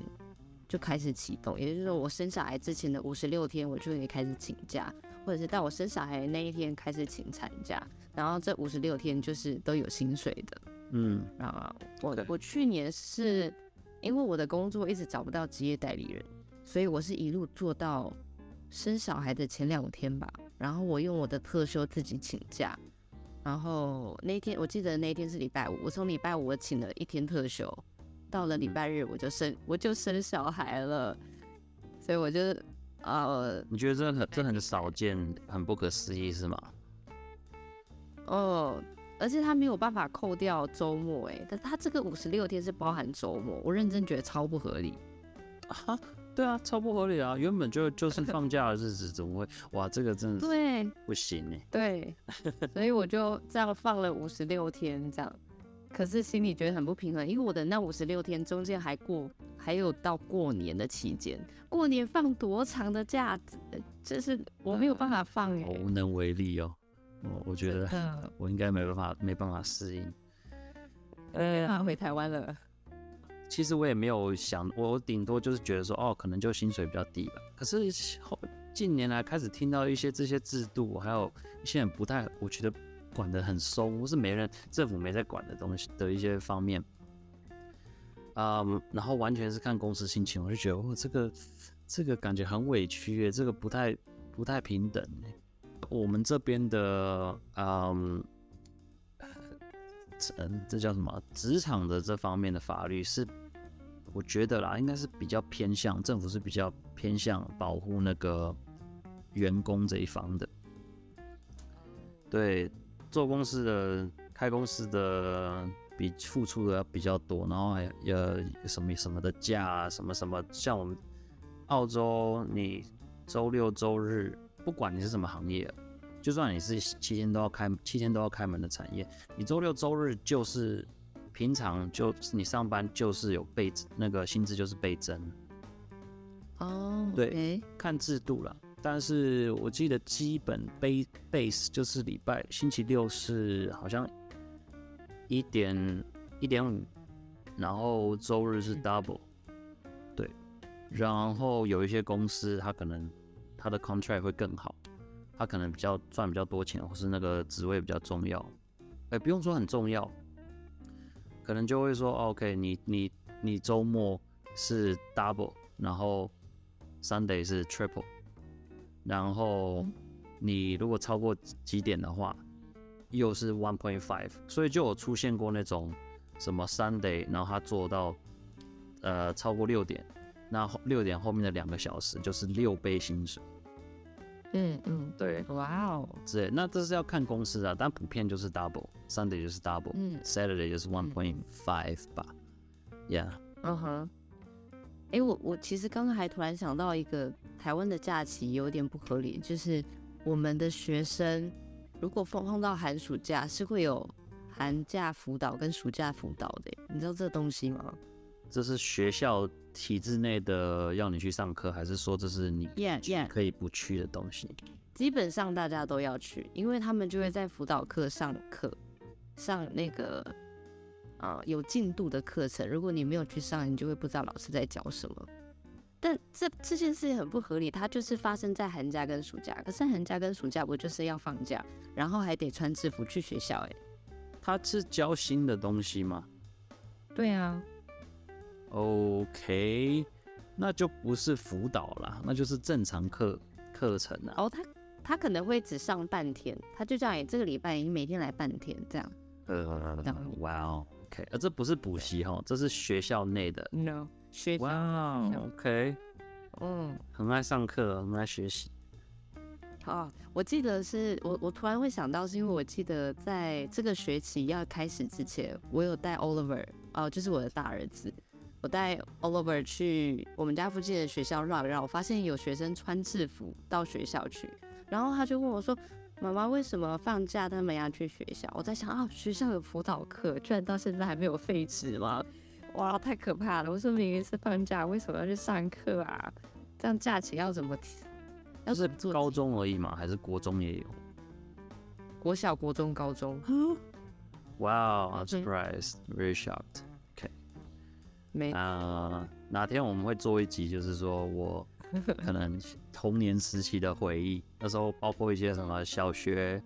就開始啟動，也就是說，我生小孩之前的五十六天，我就可以開始請假，或者是到我生小孩那一天開始請產假，然後這五十六天就是都有薪水的。嗯，然後我我去年是因為我的工作一直找不到職業代理人，所以我是一路做到生小孩的前兩天吧。然後我用我的特休自己請假，然後那天我記得那天是禮拜五，我從禮拜五我請了一天特休，到了禮拜日我就生我就生小孩了，所以我就呃，你覺得這很這很少見，很不可思議是嗎？哦、呃，而且他沒有辦法扣掉周末哎、欸，但是他這個五十六天是包含周末，我認真覺得超不合理。 對啊，超不合理啊！原本就就是放假的日子，怎麼會？ 哇，這個真的對，不行呢、欸。對，所以我就這樣放了五十六天這樣， 可是心裡覺得很不平衡，因為我的那五十六天中間還過，還有到過年的期間，過年放多長的假這是我沒有辦法放哎、欸。我、嗯、無能為力哦、喔，我我覺得我應該沒辦法，嗯、沒辦法適應，沒辦法回台灣了。其實我也沒有想，我頂多就是覺得說，哦，可能就薪水比較低吧。可是後近年來開始聽到一些這些制度，還有一些人不太，我覺得管得很鬆，我是沒人政府沒在管的東西的一些方面、嗯。然後完全是看公司心情，我就覺得，哦，這個這個感覺很委屈、欸，這個不太不太平等、欸。我們這邊的，嗯，這這叫什麼？職場的這方面的法律是。我覺得啦，應該是比較偏向政府是比較偏向保護那個員工這一方的。對，做公司的、開公司的比付出的要比較多，然後還有什麼什麼的假啊，什麼什麼，像我們澳洲，你週六週日，不管你是什麼行業，就算你是七天都要開七天都要開門的產業，你週六週日就是。平常就你上班就是有倍那個薪資就是倍增哦，oh, okay. 對，看制度了。但是我記得基本 base 就是禮拜星期六是好像一點一點五，然後周日是 double，mm. 對。然後有一些公司它可能它的 contract 會更好，它可能比較賺比較多錢，或是那個職位比較重要，哎、欸，不用說很重要。可能就會說，OK，你你你周末是 double，然後 Sunday 是 triple，然後你如果超過幾點的話，又是 one point five，所以就有出現過那種什麼 Sunday，然後他做到呃超過六點，那六點後面的兩個小時就是六倍薪水。嗯嗯，對，哇、wow、哦，是，那這是要看公司的，但普遍就是 double，Sunday 就是 double，Saturday、嗯、就是 one point five 吧，yeah，嗯哼，哎，我我其實剛剛還突然想到一個台灣的假期有點不合理，就是我們的學生如果放放到寒暑假，是會有寒假輔導跟暑假輔導的，你知道這東西嗎？這是學校。體制內的要你去上課，還是說這是你可以不去的東西？Yeah, yeah. 基本上大家都要去，因為他們就會在輔導課上課，上那個呃有進度的課程。如果你沒有去上，你就會不知道老師在教什麼。但這這件事情很不合理，它就是發生在寒假跟暑假。可是寒假跟暑假不就是要放假，然後還得穿制服去學校，欸？哎，他是教新的東西嗎？對啊。OK，那就不是輔導了，那就是正常課課程了。哦、oh,，他他可能會只上半天，他就叫你這個禮拜你每天來半天這樣。呃、uh,，哇、wow, 哦，OK，、啊、這不是補習哈，這是學校內的。No，學校哦、wow, OK，嗯、mm -hmm.，很愛上課，很愛學習。哦、oh,，我記得是我，我突然會想到，是因為我記得在這個學期要開始之前，我有帶 Oliver 哦、呃，就是我的大兒子。我帶 Oliver 去我們家附近的學校繞一繞，我發現有學生穿制服到學校去。然後他就問我說：“媽媽，為什麼放假他們要去學校？”我在想啊、哦，學校有輔導課，居然到現在還沒有廢止嗎？哇，太可怕了！我說明明是放假，為什麼要去上課啊？這樣假期要怎麼？要是高中而已嘛，還是國中也有？國小、國中、高中。Huh? Wow，I'm、嗯、surprised, really shocked. 沒啊、呃，哪天我們會做一集，就是說我可能童年時期的回憶， 那時候包括一些什麼小學、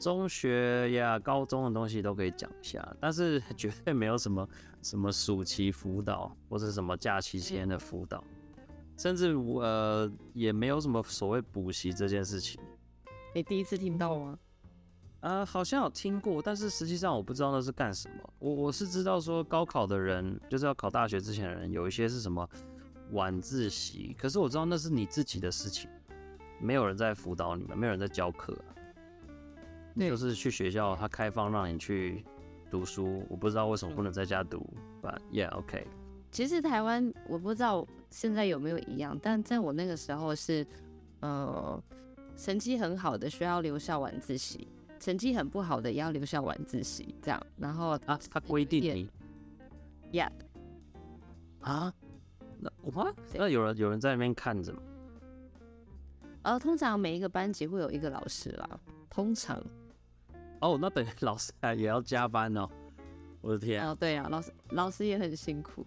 中學呀、高中的東西都可以講一下，但是絕對沒有什麼什麼暑期輔導或者什麼假期期間的輔導、欸，甚至我呃也沒有什麼所謂補習這件事情。你、欸、第一次聽到嗎？呃、uh,，好像有聽過，但是實際上我不知道那是幹什麼。我我是知道說高考的人，就是要考大學之前的人，有一些是什麼晚自習。可是我知道那是你自己的事情，沒有人在輔導你們，沒有人在教課、啊，就是去學校他開放讓你去讀書。我不知道為什麼不能在家讀。but yeah，OK、okay.。其實台灣我不知道現在有沒有一樣，但在我那個時候是，呃，成績很好的學校留校晚自習。成績很不好的也要留下晚自習，這樣，然後啊，他規定你，yeah，啊，那，那有人有人在那邊看着嗎？呃，通常每一個班級會有一個老師啦，通常。哦，那等於老師也要加班哦。我的天啊，哦，對啊，老師老師也很辛苦。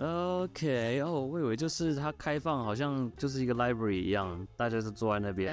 OK，哦，我以為就是他開放，好像就是一個 library 一樣，大家是坐在那邊。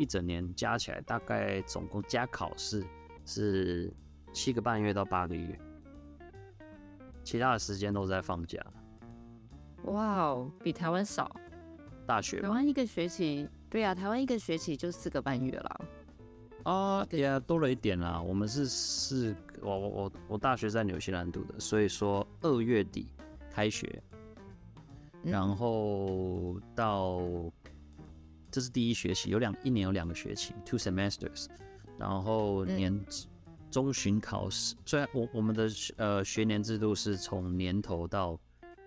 一整年加起來，大概總共加考試是七個半月到八個月，其他的時間都在放假。哇、wow，比台灣少。大學，台灣一個學期，對啊，台灣一個學期就四個半月了。啊，對呀，多了一點啦。我們是四，我我我我大學在紐西蘭讀的，所以說二月底開學，嗯、然後到。這是第一學期，有兩一年有兩個學期，two semesters。然後年中旬考試、嗯，雖然我我們的學呃學年制度是從年頭到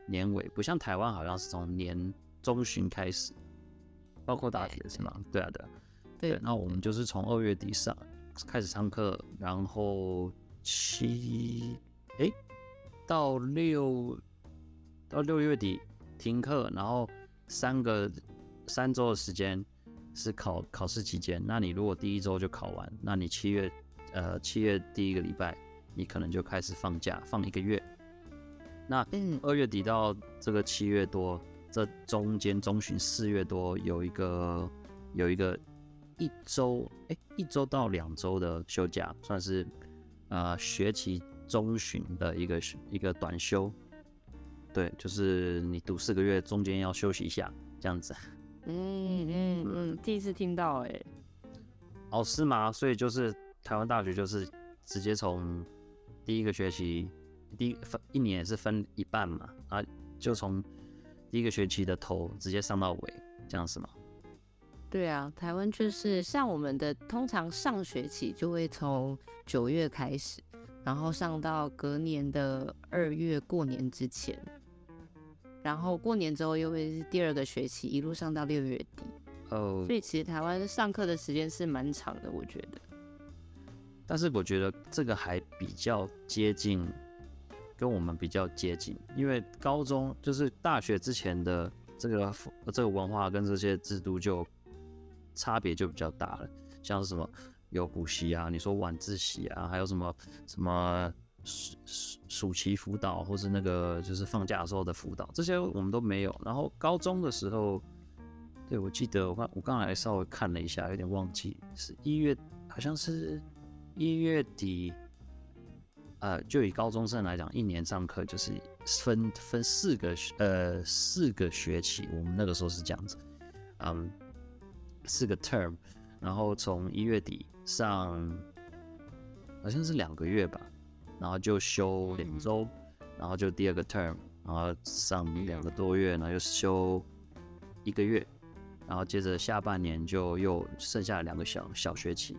年尾，不像台灣好像是從年中旬開始，包括大學是嗎？欸、對啊，對啊，對啊，對，對。欸、那我們就是從二月底上開始上課，然後七誒、欸，到六到六月底停課，然後三個。三週的時間是考考試期間。那你如果第一週就考完，那你七月呃七月第一個禮拜，你可能就開始放假，放一個月。那，嗯，二月底到這個七月多，這中間中旬四月多有一個有一個一週哎、欸，一週到兩週的休假，算是呃學期中旬的一個一個短休。對，就是你讀四個月中間要休息一下，這樣子。嗯嗯嗯，第一次聽到哎、欸，哦是嗎？所以就是台灣大學就是直接從第一個學期，第一分一年是分一半嘛？啊就從第一個學期的頭直接上到尾這樣是嗎？對啊，台灣就是像我們的通常上學期就會從九月開始，然後上到隔年的二月過年之前。然後過年之後又會是第二個學期，一路上到六月底。哦、呃。所以其實台灣上課的時間是蠻長的，我覺得。但是我覺得這個還比較接近，跟我們比較接近，因為高中就是大學之前的這個這個文化跟這些制度就差別就比較大了。像什麼有補習啊，你說晚自習啊，還有什麼什麼。暑暑暑期輔導，或是那個就是放假的時候的輔導，這些我們都沒有。然後高中的時候，對，我記得，我剛我剛才稍微看了一下，有點忘記，是一月，好像是一月底。呃，就以高中生來講，一年上課就是分分四個呃四個學期，我們那個時候是這樣子，嗯，四個 term，然後從一月底上，好像是兩個月吧。然後就休兩周，然後就第二個 term，然後上兩個多月，然後又休一個月，然後接着下半年就又剩下兩個小小學期，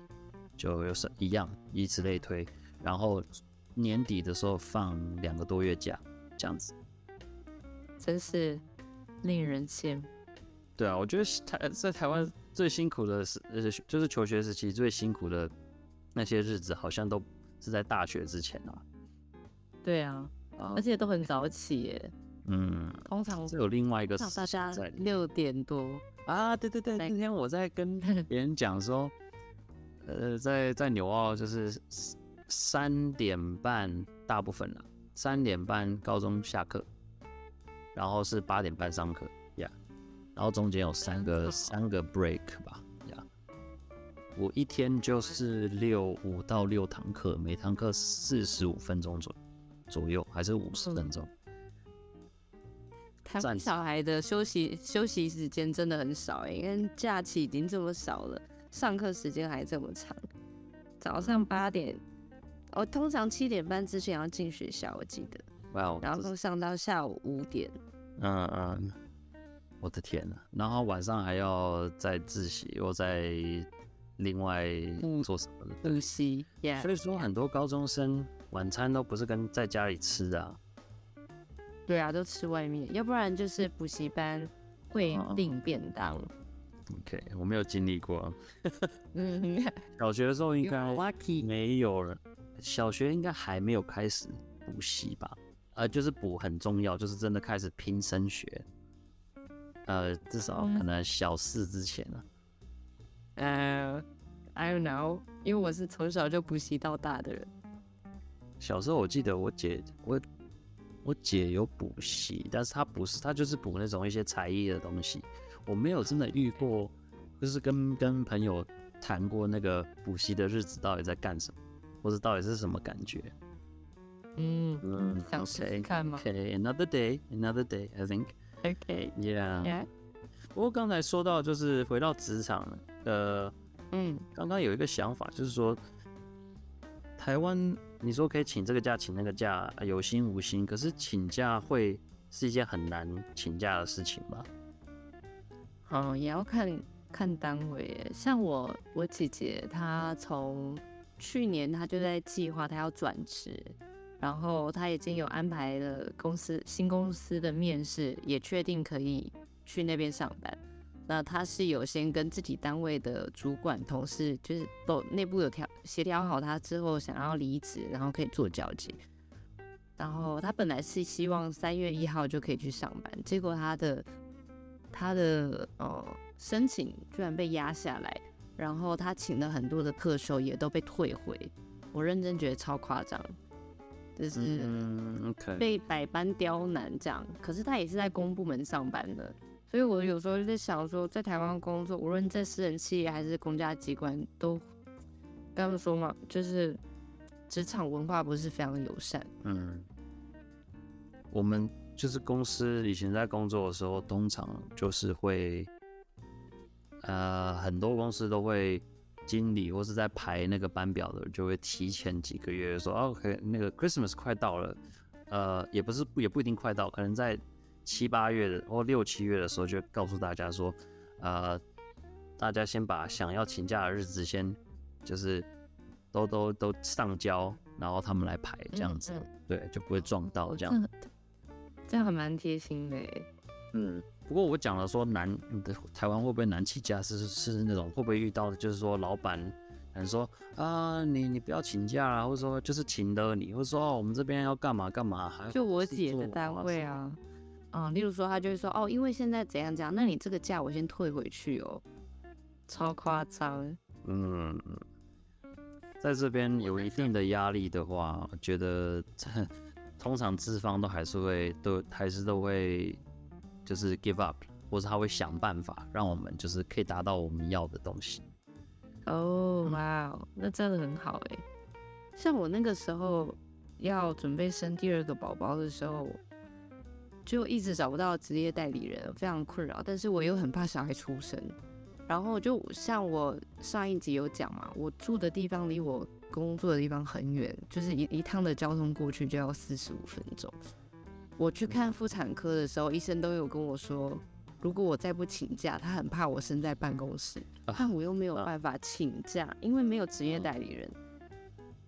就又是一樣，以此類推。然後年底的時候放兩個多月假，這樣子，真是令人羨慕。對啊，我覺得台在台灣最辛苦的是呃，就是求學時期最辛苦的那些日子，好像都。是在大學之前啊，對啊，而且都很早起耶 嗯，通常是有另外一個大家六點多啊，對對對， 今天我在跟別人講說，呃，在在紐澳就是三點半大部分了、啊，三點半高中下課，然後是八點半上課呀，yeah, 然後中間有三個三個 break 吧。我一天就是六五到六堂課，每堂課四十五分鐘左右，左右還是五十分鐘。他、嗯、們小孩的休息休息時間真的很少、欸，因為假期已經這麼少了，上課時間還這麼長。早上八點，我、哦、通常七點半之前要進學校，我記得。哇哦！然後上到下午五點。嗯、呃、嗯、呃。我的天吶、啊，然後晚上還要再自習，又再。另外做什麼東西、嗯？所以說很多高中生晚餐都不是跟在家裡吃的，啊，對啊，都吃外面，要不然就是補習班會訂便當。OK，我沒有經歷過。嗯 小學的時候應該沒有了，小學應該還沒有開始補習吧？呃，就是補很重要，就是真的開始拼升學。呃，至少可能小四之前，啊呃、uh,，I don't know，因為我是從小就補習到大的人。小時候我記得我姐，我我姐有補習，但是她不是，她就是補那種一些才藝的東西。我沒有真的遇過，就是跟跟朋友談過那個補習的日子到底在幹什麼，或者到底是什麼感覺。嗯嗯，um, 想看看嗎？Okay, another day, another day. I think. Okay, yeah, yeah. 不過剛才說到就是回到職場了。呃，嗯，剛剛有一個想法，嗯、就是說，台灣你說可以請這個假，請那個假，有薪無薪。可是請假會是一件很難請假的事情嗎？嗯，也要看看單位。像我，我姐姐她從去年她就在計劃，她要轉職，然後她已經有安排了公司新公司的面試，也確定可以去那邊上班。那他是有先跟自己單位的主管同事，就是都內部有調協調好他之後想要離職，然後可以做交接。然後他本來是希望三月一號就可以去上班，結果他的他的呃、哦、申請居然被壓下來，然後他請了很多的特休也都被退回。我認真覺得超誇張，就是被百般刁難這樣。可是他也是在公部門上班的。所以我有時候就在想說在台灣工作，無論在私人企業還是公家機關，都跟他們說嘛，就是職場文化不是非常友善。嗯，我們就是公司以前在工作的時候，通常就是會，呃，很多公司都會經理或是在排那個班表的，就會提前幾個月說，啊，OK，那個 Christmas 快到了，呃，也不是也不一定快到，可能在。七八月的或六七月的時候，就告訴大家說，呃，大家先把想要請假的日子先，就是都都都上交，然後他們來排這樣子，嗯、對，就不會撞到這樣。嗯嗯、這樣很，這樣還蠻貼心的，嗯。不過我講了說難，台灣會不會難請假，是是那種會不會遇到，就是說老闆人說啊、呃，你你不要請假啊，或者說就是請的你，或者說我們這邊要幹嘛幹嘛，還就我姐的單位啊。嗯，例如說他就會說哦，因為現在怎樣怎樣，那你這個假我先退回去哦，超誇張。嗯，在這邊有一定的壓力的話，我覺得這通常資方都還是會都還是都會就是 give up，或者他會想辦法讓我們就是可以達到我們要的東西。哦，哇，那真的很好哎、欸。像我那個時候要準備生第二個寶寶的時候，就一直找不到職業代理人，非常困擾。但是我又很怕小孩出生，然後就像我上一集有講嘛，我住的地方離我工作的地方很遠，就是一一趟的交通過去就要四十五分鐘。我去看婦產科的時候，醫生都有跟我說，如果我再不請假，他很怕我生在辦公室。但我又沒有辦法請假，因為沒有職業代理人。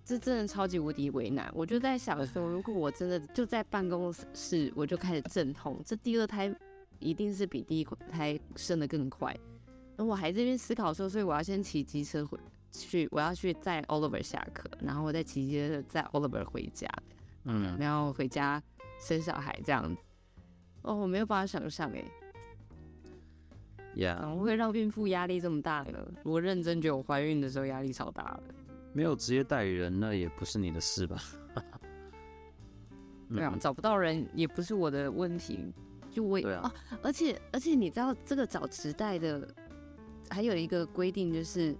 這真的超級無敵為難，我就在想說，如果我真的就在辦公室，我就開始陣痛。這第二胎一定是比第一胎生得更快。那我還在這邊思考說，所以我要先騎機車回去，我要去載 Oliver 下課，然後我再騎機車載 Oliver 回家，嗯，然後回家生小孩這樣子。哦，我沒有辦法想象哎呀，怎麼會讓孕婦壓力這麼大呢？我認真覺得我懷孕的時候壓力超大了。沒有職業代理人，那也不是你的事吧？對 啊，找不到人也不是我的問題。就我也啊，啊，而且而且你知道，這個找職代的還有一個規定，就是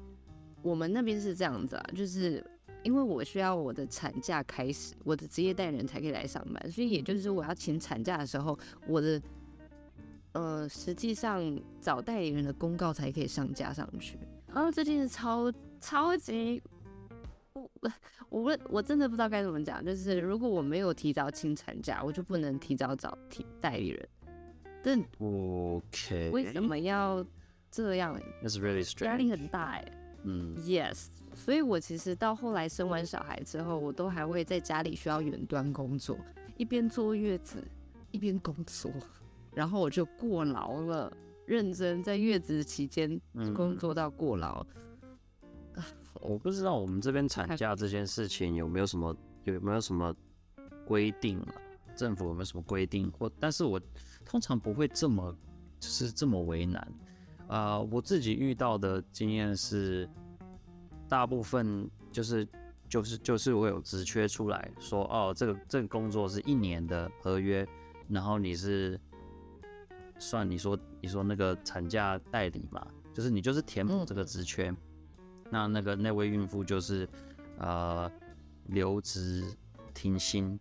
我們那邊是這樣子啊，就是因為我需要我的產假開始，我的職業代理人才可以來上班，所以也就是我要請產假的時候，我的呃，實際上找代理人的公告才可以上架上去。然後最近是超超級。我我我真的不知道該怎麼講，就是如果我沒有提早請產假，我就不能提早找替代理人。但，OK，為什麼要這樣？That's really strange。壓力很大哎、欸。嗯、mm.。Yes，所以我其實到後來生完小孩之後，我都還會在家裡需要遠端工作，一邊坐月子一邊工作，然後我就過勞了，認真在月子期間工作到過勞。Mm. 我不知道我們這邊產假這件事情有沒有什麼，有沒有什麼規定了啊？政府有沒有什麼規定？我但是我通常不會這麼就是這麼為難。啊，呃，我自己遇到的經驗是，大部分就是就是就是我有職缺出來說，哦，這個這個工作是一年的合約，然後你是算你說你說那個產假代理嘛，就是你就是填補這個職缺。嗯那那個那位孕婦就是，呃，留職停薪，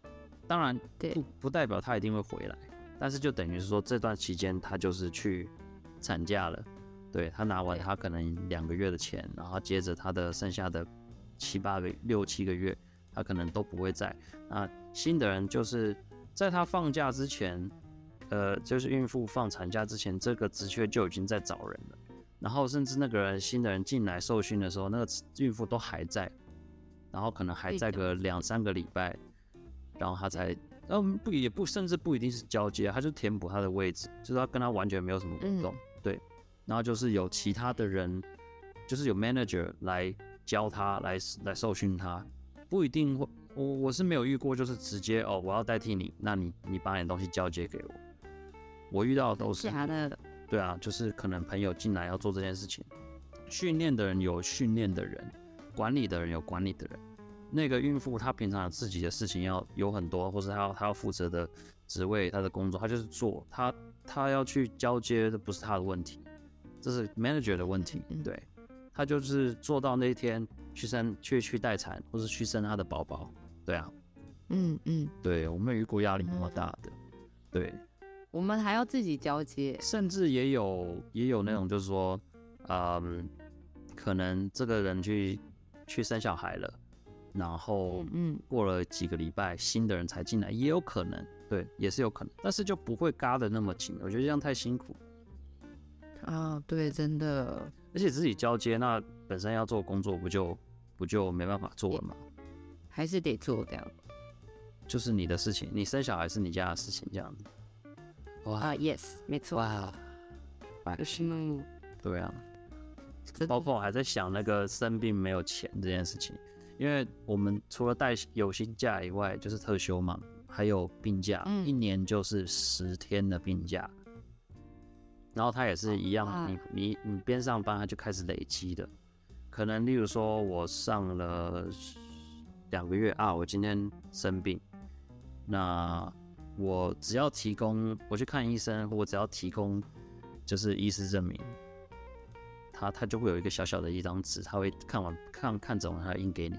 當然不不代表她一定會回來，但是就等於是說這段期間她就是去產假了，對，她拿完她可能兩個月的錢，然後接着她的剩下的七八個六七個月她可能都不會在。那新的人就是在她放假之前，呃，就是孕婦放產假之前，這個職缺就已經在找人了。然後甚至那個人新的人進來受訓的時候，那個孕婦都還在，然後可能還在個兩三個禮拜，然後他才，嗯，不也不甚至不一定是交接，他就填補他的位置，就是他跟他完全沒有什麼互動，嗯，對，然後就是有其他的人，就是有 manager 來教他來來受訓他，不一定會，我我是沒有遇過，就是直接哦我要代替你，那你你把你的東西交接給我，我遇到的都是。對啊，就是可能朋友進來要做這件事情，訓練的人有訓練的人，管理的人有管理的人。那個孕婦她平常自己的事情要有很多，或是她要她要負責的職位，她的工作她就是做，她她要去交接的不是她的問題，這是 manager 的問題。對，她就是做到那一天去生去去待產，或是去生她的寶寶。對啊，嗯嗯，對，我們有遇過壓力那麼大的，嗯、對。我們還要自己交接，甚至也有也有那種，就是說，嗯、呃，可能這個人去去生小孩了，然後，嗯過了幾個禮拜、嗯，新的人才進來，也有可能，對，也是有可能，但是就不會嘎得那麼緊，我覺得這樣太辛苦。啊、哦，對，真的。而且自己交接，那本身要做工作，不就不就沒辦法做了嗎、欸？還是得做這樣。就是你的事情，你生小孩是你家的事情，這樣。啊、wow, uh，yes，wow, 沒錯。哇，就是，對啊，包括我還在想那個生病沒有錢這件事情，因為我們除了帶有薪假以外，就是特休嘛，還有病假、嗯，一年就是十天的病假，然後他也是一樣，嗯嗯、你你你邊上班他就開始累積的，可能例如說我上了兩個月啊，我今天生病，那。我只要提供，我去看醫生，或我只要提供，就是醫師證明，他他就會有一個小小的一張紙，他會看完看看診完，他會印給你，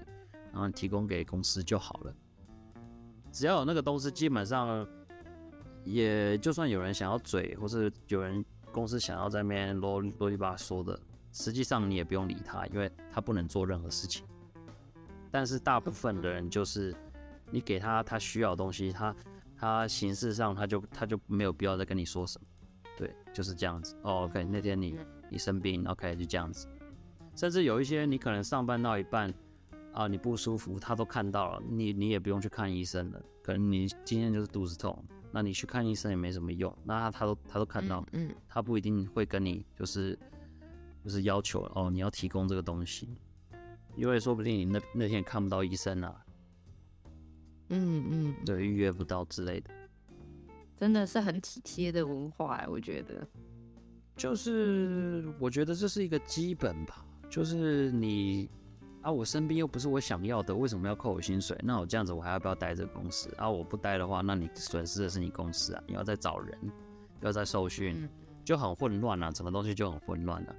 然後你提供給公司就好了。只要有那個東西，基本上也就算有人想要嘴，或是有人公司想要在那邊囉囉里吧嗦的，實際上你也不用理他，因為他不能做任何事情。但是大部分的人就是，你給他他需要的東西，他。他形式上，他就他就沒有必要再跟你說什麼，對，就是這樣子。哦，OK，那天你你生病，OK，就這樣子。甚至有一些你可能上班到一半，啊，你不舒服，他都看到了，你你也不用去看醫生了。可能你今天就是肚子痛，那你去看醫生也沒什麼用，那他他都他都看到，嗯，他不一定會跟你就是就是要求哦，你要提供這個東西，因為說不定你那那天也看不到醫生啊。嗯嗯，對，預約不到之類的，真的是很體貼的文化，欸、我覺得，就是，嗯、我覺得這是一個基本吧，就是你啊，我生病又不是我想要的，為什麼要扣我薪水？那我這樣子，我還要不要待這個公司？啊，我不待的話，那你損失的是你公司啊，你要再找人，要再受訓，嗯，就很混亂啊。整個東西就很混亂了，啊。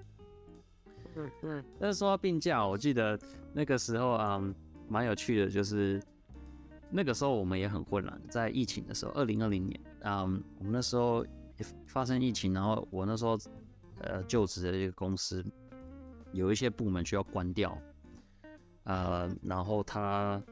嗯嗯，但是說到病假，我記得那個時候啊，蠻，嗯、有趣的，就是。那個時候我們也很混亂，在疫情的時候，二零二零年，啊、嗯。我們那時候發生疫情，然後我那時候呃就職的一個公司，有一些部門需要關掉，呃，然後他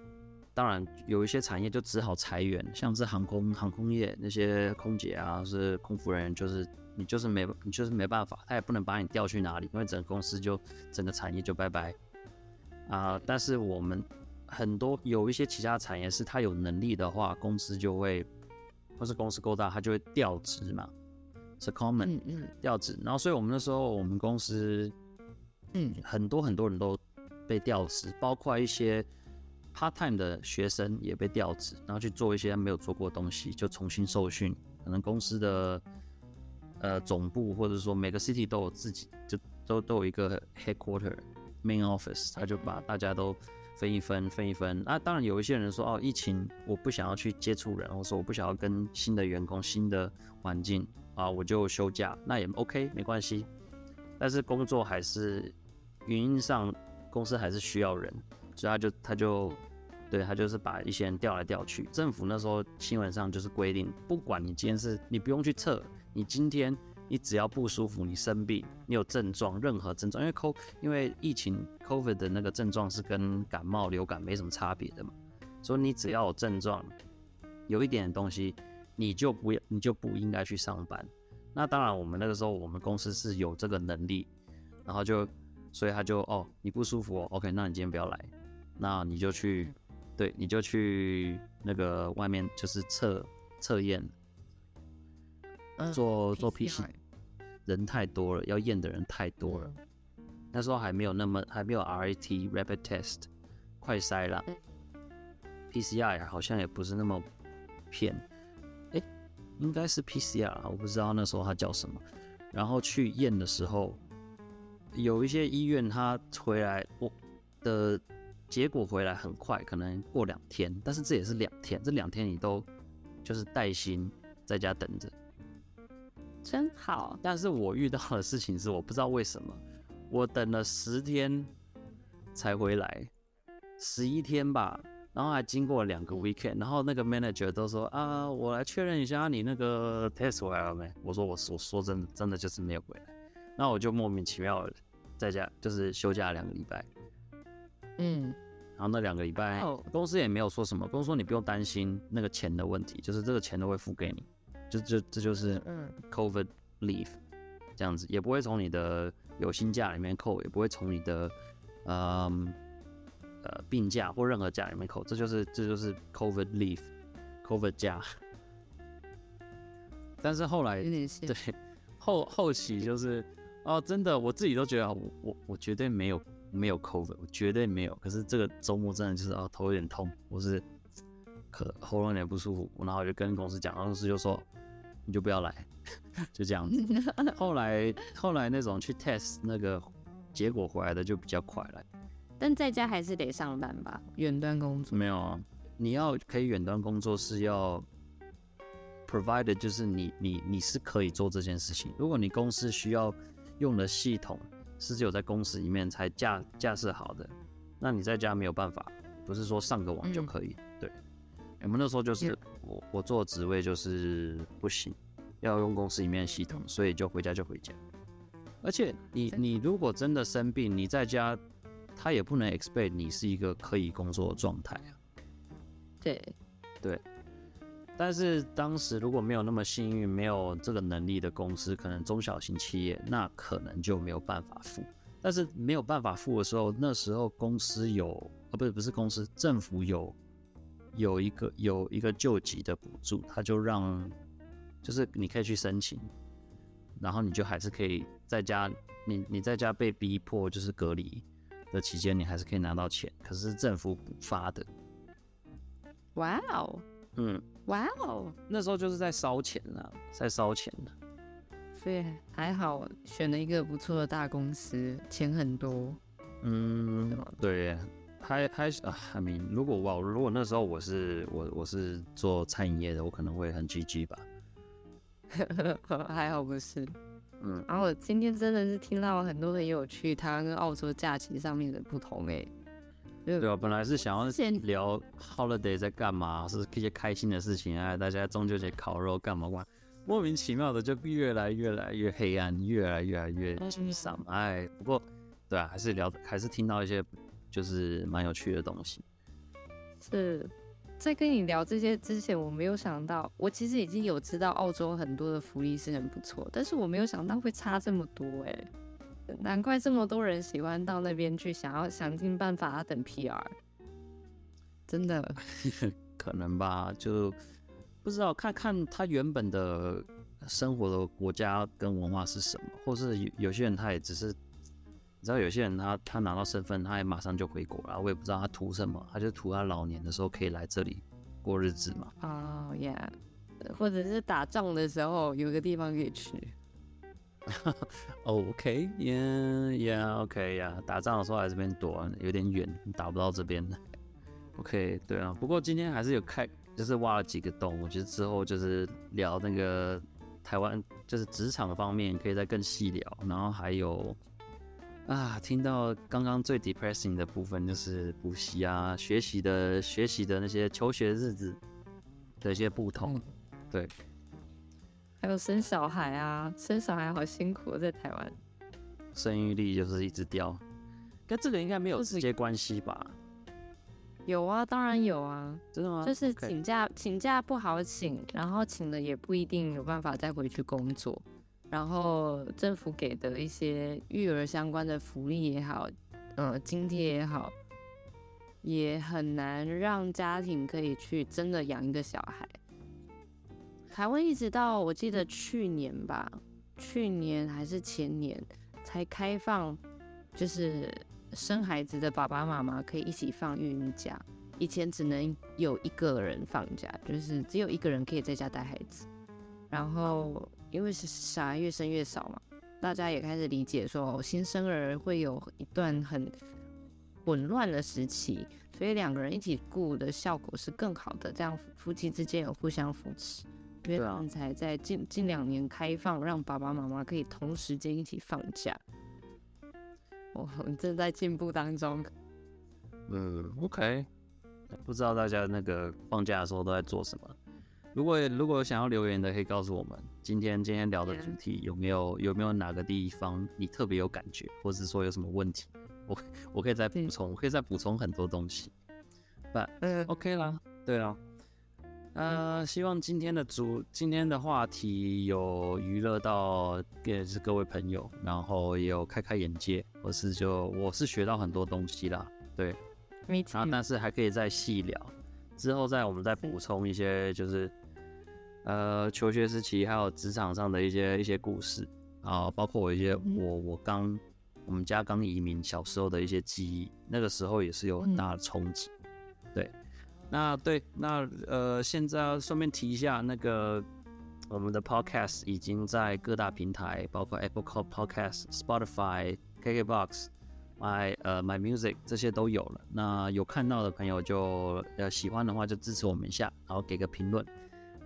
當然有一些產業就只好裁員，像是航空航空業那些空姐啊，是空服人員，就是你就是沒你就是沒辦法，他也不能把你調去哪裡，因為整個公司就整個產業就拜拜啊、呃，但是我們。很多有一些其他產業，是他有能力的話，公司就會，或是公司夠大，他就會調職嘛，是 common，嗯，調職。然後，所以我們那時候，我們公司，嗯，很多很多人都被調職，包括一些 part time 的學生也被調職，然後去做一些他沒有做過的東西，就重新受訓。可能公司的呃總部，或者說每個 city 都有自己，就都都有一個 headquarter main office，他就把大家都。分一分，分一分，啊。那當然，有一些人說哦，啊，疫情我不想要去接觸人，我說我不想要跟新的員工、新的環境啊，我就休假，那也 OK，沒關係。但是工作還是原因上，公司還是需要人，所以他就他就對他就是把一些人調來調去。政府那時候新聞上就是規定，不管你今天是，你不用去測，你今天。你只要不舒服，你生病，你有症狀，任何症狀，因為科，因為疫情 COVID 的那個症狀是跟感冒、流感沒什麼差別的嘛，所以你只要有症狀，有一點東西，你就不要，你就不應該去上班。那當然，我們那個時候我們公司是有這個能力，然後就，所以他就哦，你不舒服哦，OK，那你今天不要來，那你就去，對，你就去那個外面就是測測驗。做做 PC,、uh, PCR，人太多了，要驗的人太多了。那時候還沒有那麼還沒有 RAT Rapid Test 快篩了，PCR 好像也不是那麼騙。哎、欸，應該是 PCR，我不知道那時候它叫什麼。然後去驗的時候，有一些醫院他回來，我的結果回來很快，可能過兩天，但是這也是兩天，這兩天你都就是帶薪在家等着。真好，但是我遇到的事情是我不知道為什麼，我等了十天才回來，十一天吧，然後還經過兩個 weekend，然後那個 manager 都說啊，我來確認一下你那個 test 回來了沒？我說我說我說真的真的就是沒有回來，那我就莫名其妙在家就是休假兩個禮拜，嗯，然後那兩個禮拜公司也沒有說什麼，公司說你不用擔心那個錢的問題，就是這個錢都會付給你。就就這就是嗯 COVID leave 這樣子，也不會從你的有薪假裡面扣，也不會從你的嗯呃，呃病假或任何假裡面扣，這就是這就是 COVID leave，COVID 假。但是後來對，後後期就是哦、啊，真的我自己都覺得我我我絕對沒有沒有 COVID 我絕對沒有。可是這個週末真的就是啊，頭有點痛，我是。可喉嚨有點不舒服，然後我就跟公司講，公司就說，你就不要來，就這樣子。後來後來那種去 test 那個結果回來的就比較快了。但在家還是得上班吧？遠端工作。沒有啊，你要可以遠端工作是要 provide 的，就是你你你是可以做這件事情。如果你公司需要用的系統是只有在公司裡面才架架設好的，那你在家沒有辦法，不是說上個網就可以。嗯。我們那時候就是我、yeah. 我做職位就是不行，要用公司裡面系統，所以就回家就回家。而且你你如果真的生病，你在家，他也不能 expect 你是一個可以工作的狀態啊。對、yeah. 對。但是當時如果沒有那麼幸運，沒有這個能力的公司，可能中小型企業那可能就沒有辦法付。但是沒有辦法付的時候，那時候公司有啊不是不是公司，政府有。有一個有一個救急的補助，他就讓，就是你可以去申請，然後你就還是可以在家，你你在家被逼迫就是隔離的期間，你還是可以拿到錢，可是政府補發的。哇哦，嗯，哇哦，那時候就是在燒錢啊，在燒錢啊。所以，還好選了一個不錯的大公司，錢很多。嗯，對還還啊，還 I 明 mean, 如果我如果那時候我是我我是做餐飲業的，我可能會很 GG 吧。 還好不是，嗯。然、啊、後我今天真的是聽到了很多人也有去台灣跟澳洲假期上面的不同哎、欸。對啊，本來是想要先聊 holiday 在幹嘛，是一些開心的事情啊、哎，大家中秋節烤肉幹嘛嘛，莫名其妙的就越來越來越黑暗，越來越來越沮喪哎。不過對啊，還是聊，還是聽到一些。就是蠻有趣的東西。是在跟你聊這些之前，我沒有想到，我其實已經有知道澳洲很多的福利是很不錯，但是我沒有想到會差這麼多哎、欸，難怪這麼多人喜歡到那邊去，想要想盡辦法等 PR。真的？ 可能吧，就不知道看看他原本的生活的國家跟文化是什麼，或是有些人他也只是。你知道有些人他，他他拿到身份，他也馬上就回國了。我也不知道他圖什麼，他就圖他老年的時候可以來這裡過日子嘛。哦耶，或者是打仗的時候有個地方可以去。 oh, OK，yeah，yeah，OK，yeah、yeah,。Okay, yeah. 打仗的時候來這邊躲，有點遠，打不到這邊。OK，對啊。不過今天還是有開，就是挖了幾個洞。我覺得之後就是聊那個台灣，就是職場的方面可以再更細聊，然後還有。啊，聽到剛剛最 depressing 的部分就是補習啊，學習的、學習的那些求學日子的一些不同，對。還有生小孩啊，生小孩好辛苦，在台灣。生育率就是一直掉，跟這個應該沒有直接關係吧？就是、有啊，當然有啊。真的嗎？就是請假、Okay. 請假不好請，然後請了也不一定有辦法再回去工作。然後政府給的一些育兒相關的福利也好，呃，津貼也好，也很難讓家庭可以去真的養一個小孩。台灣一直到我記得去年吧，去年還是前年才開放，就是生孩子的爸爸媽媽可以一起放育嬰假，以前只能有一個人放假，就是只有一個人可以在家帶孩子，然後。因為是小孩越生越少嘛，大家也開始理解說新生兒會有一段很混亂的時期，所以兩個人一起顧的效果是更好的，這樣夫妻之間有互相扶持，因為剛才在近近兩年開放，讓爸爸媽媽可以同時間一起放假，我們正在進步當中。嗯，OK，不知道大家那個放假的時候都在做什麼？如果如果想要留言的，可以告訴我們今天，今天聊的主題有沒有、yeah. 有沒有哪個地方你特別有感覺，或是說有什麼問題，我我可以再補充，yeah. 我可以再補充很多東西。不，OK 啦，對啦，呃、uh, yeah.，希望今天的主今天的話題有娛樂到也是各位朋友，然後也有開開眼界，我是就我是學到很多東西啦，對，沒錯、啊，然後但是還可以再細聊，之後再我們再補充一些就是。呃，求學時期還有職場上的一些一些故事啊，包括我一些我我剛我們家剛移民小時候的一些記憶，那個時候也是有很大的衝擊，嗯。對，那對那呃，現在順便提一下，那個我們的 podcast 已經在各大平台，包括 Apple Podcasts、Spotify、KKBOX、My 呃 My Music 這些都有了。那有看到的朋友就呃喜歡的話就支持我們一下，然後給個評論。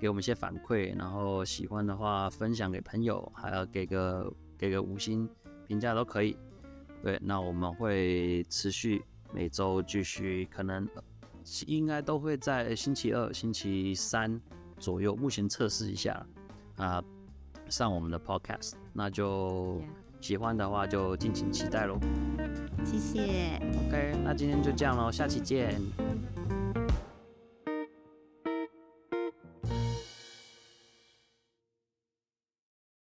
給我們一些反饋，然後喜歡的話分享給朋友，還有給個給個五星評價都可以。對，那我們會持續每周繼續，可能應該都會在星期二、星期三左右，目前測試一下啊，上我們的 Podcast。那就喜歡的話就敬請期待嘍。謝謝。OK，那今天就這樣嘍，下期見。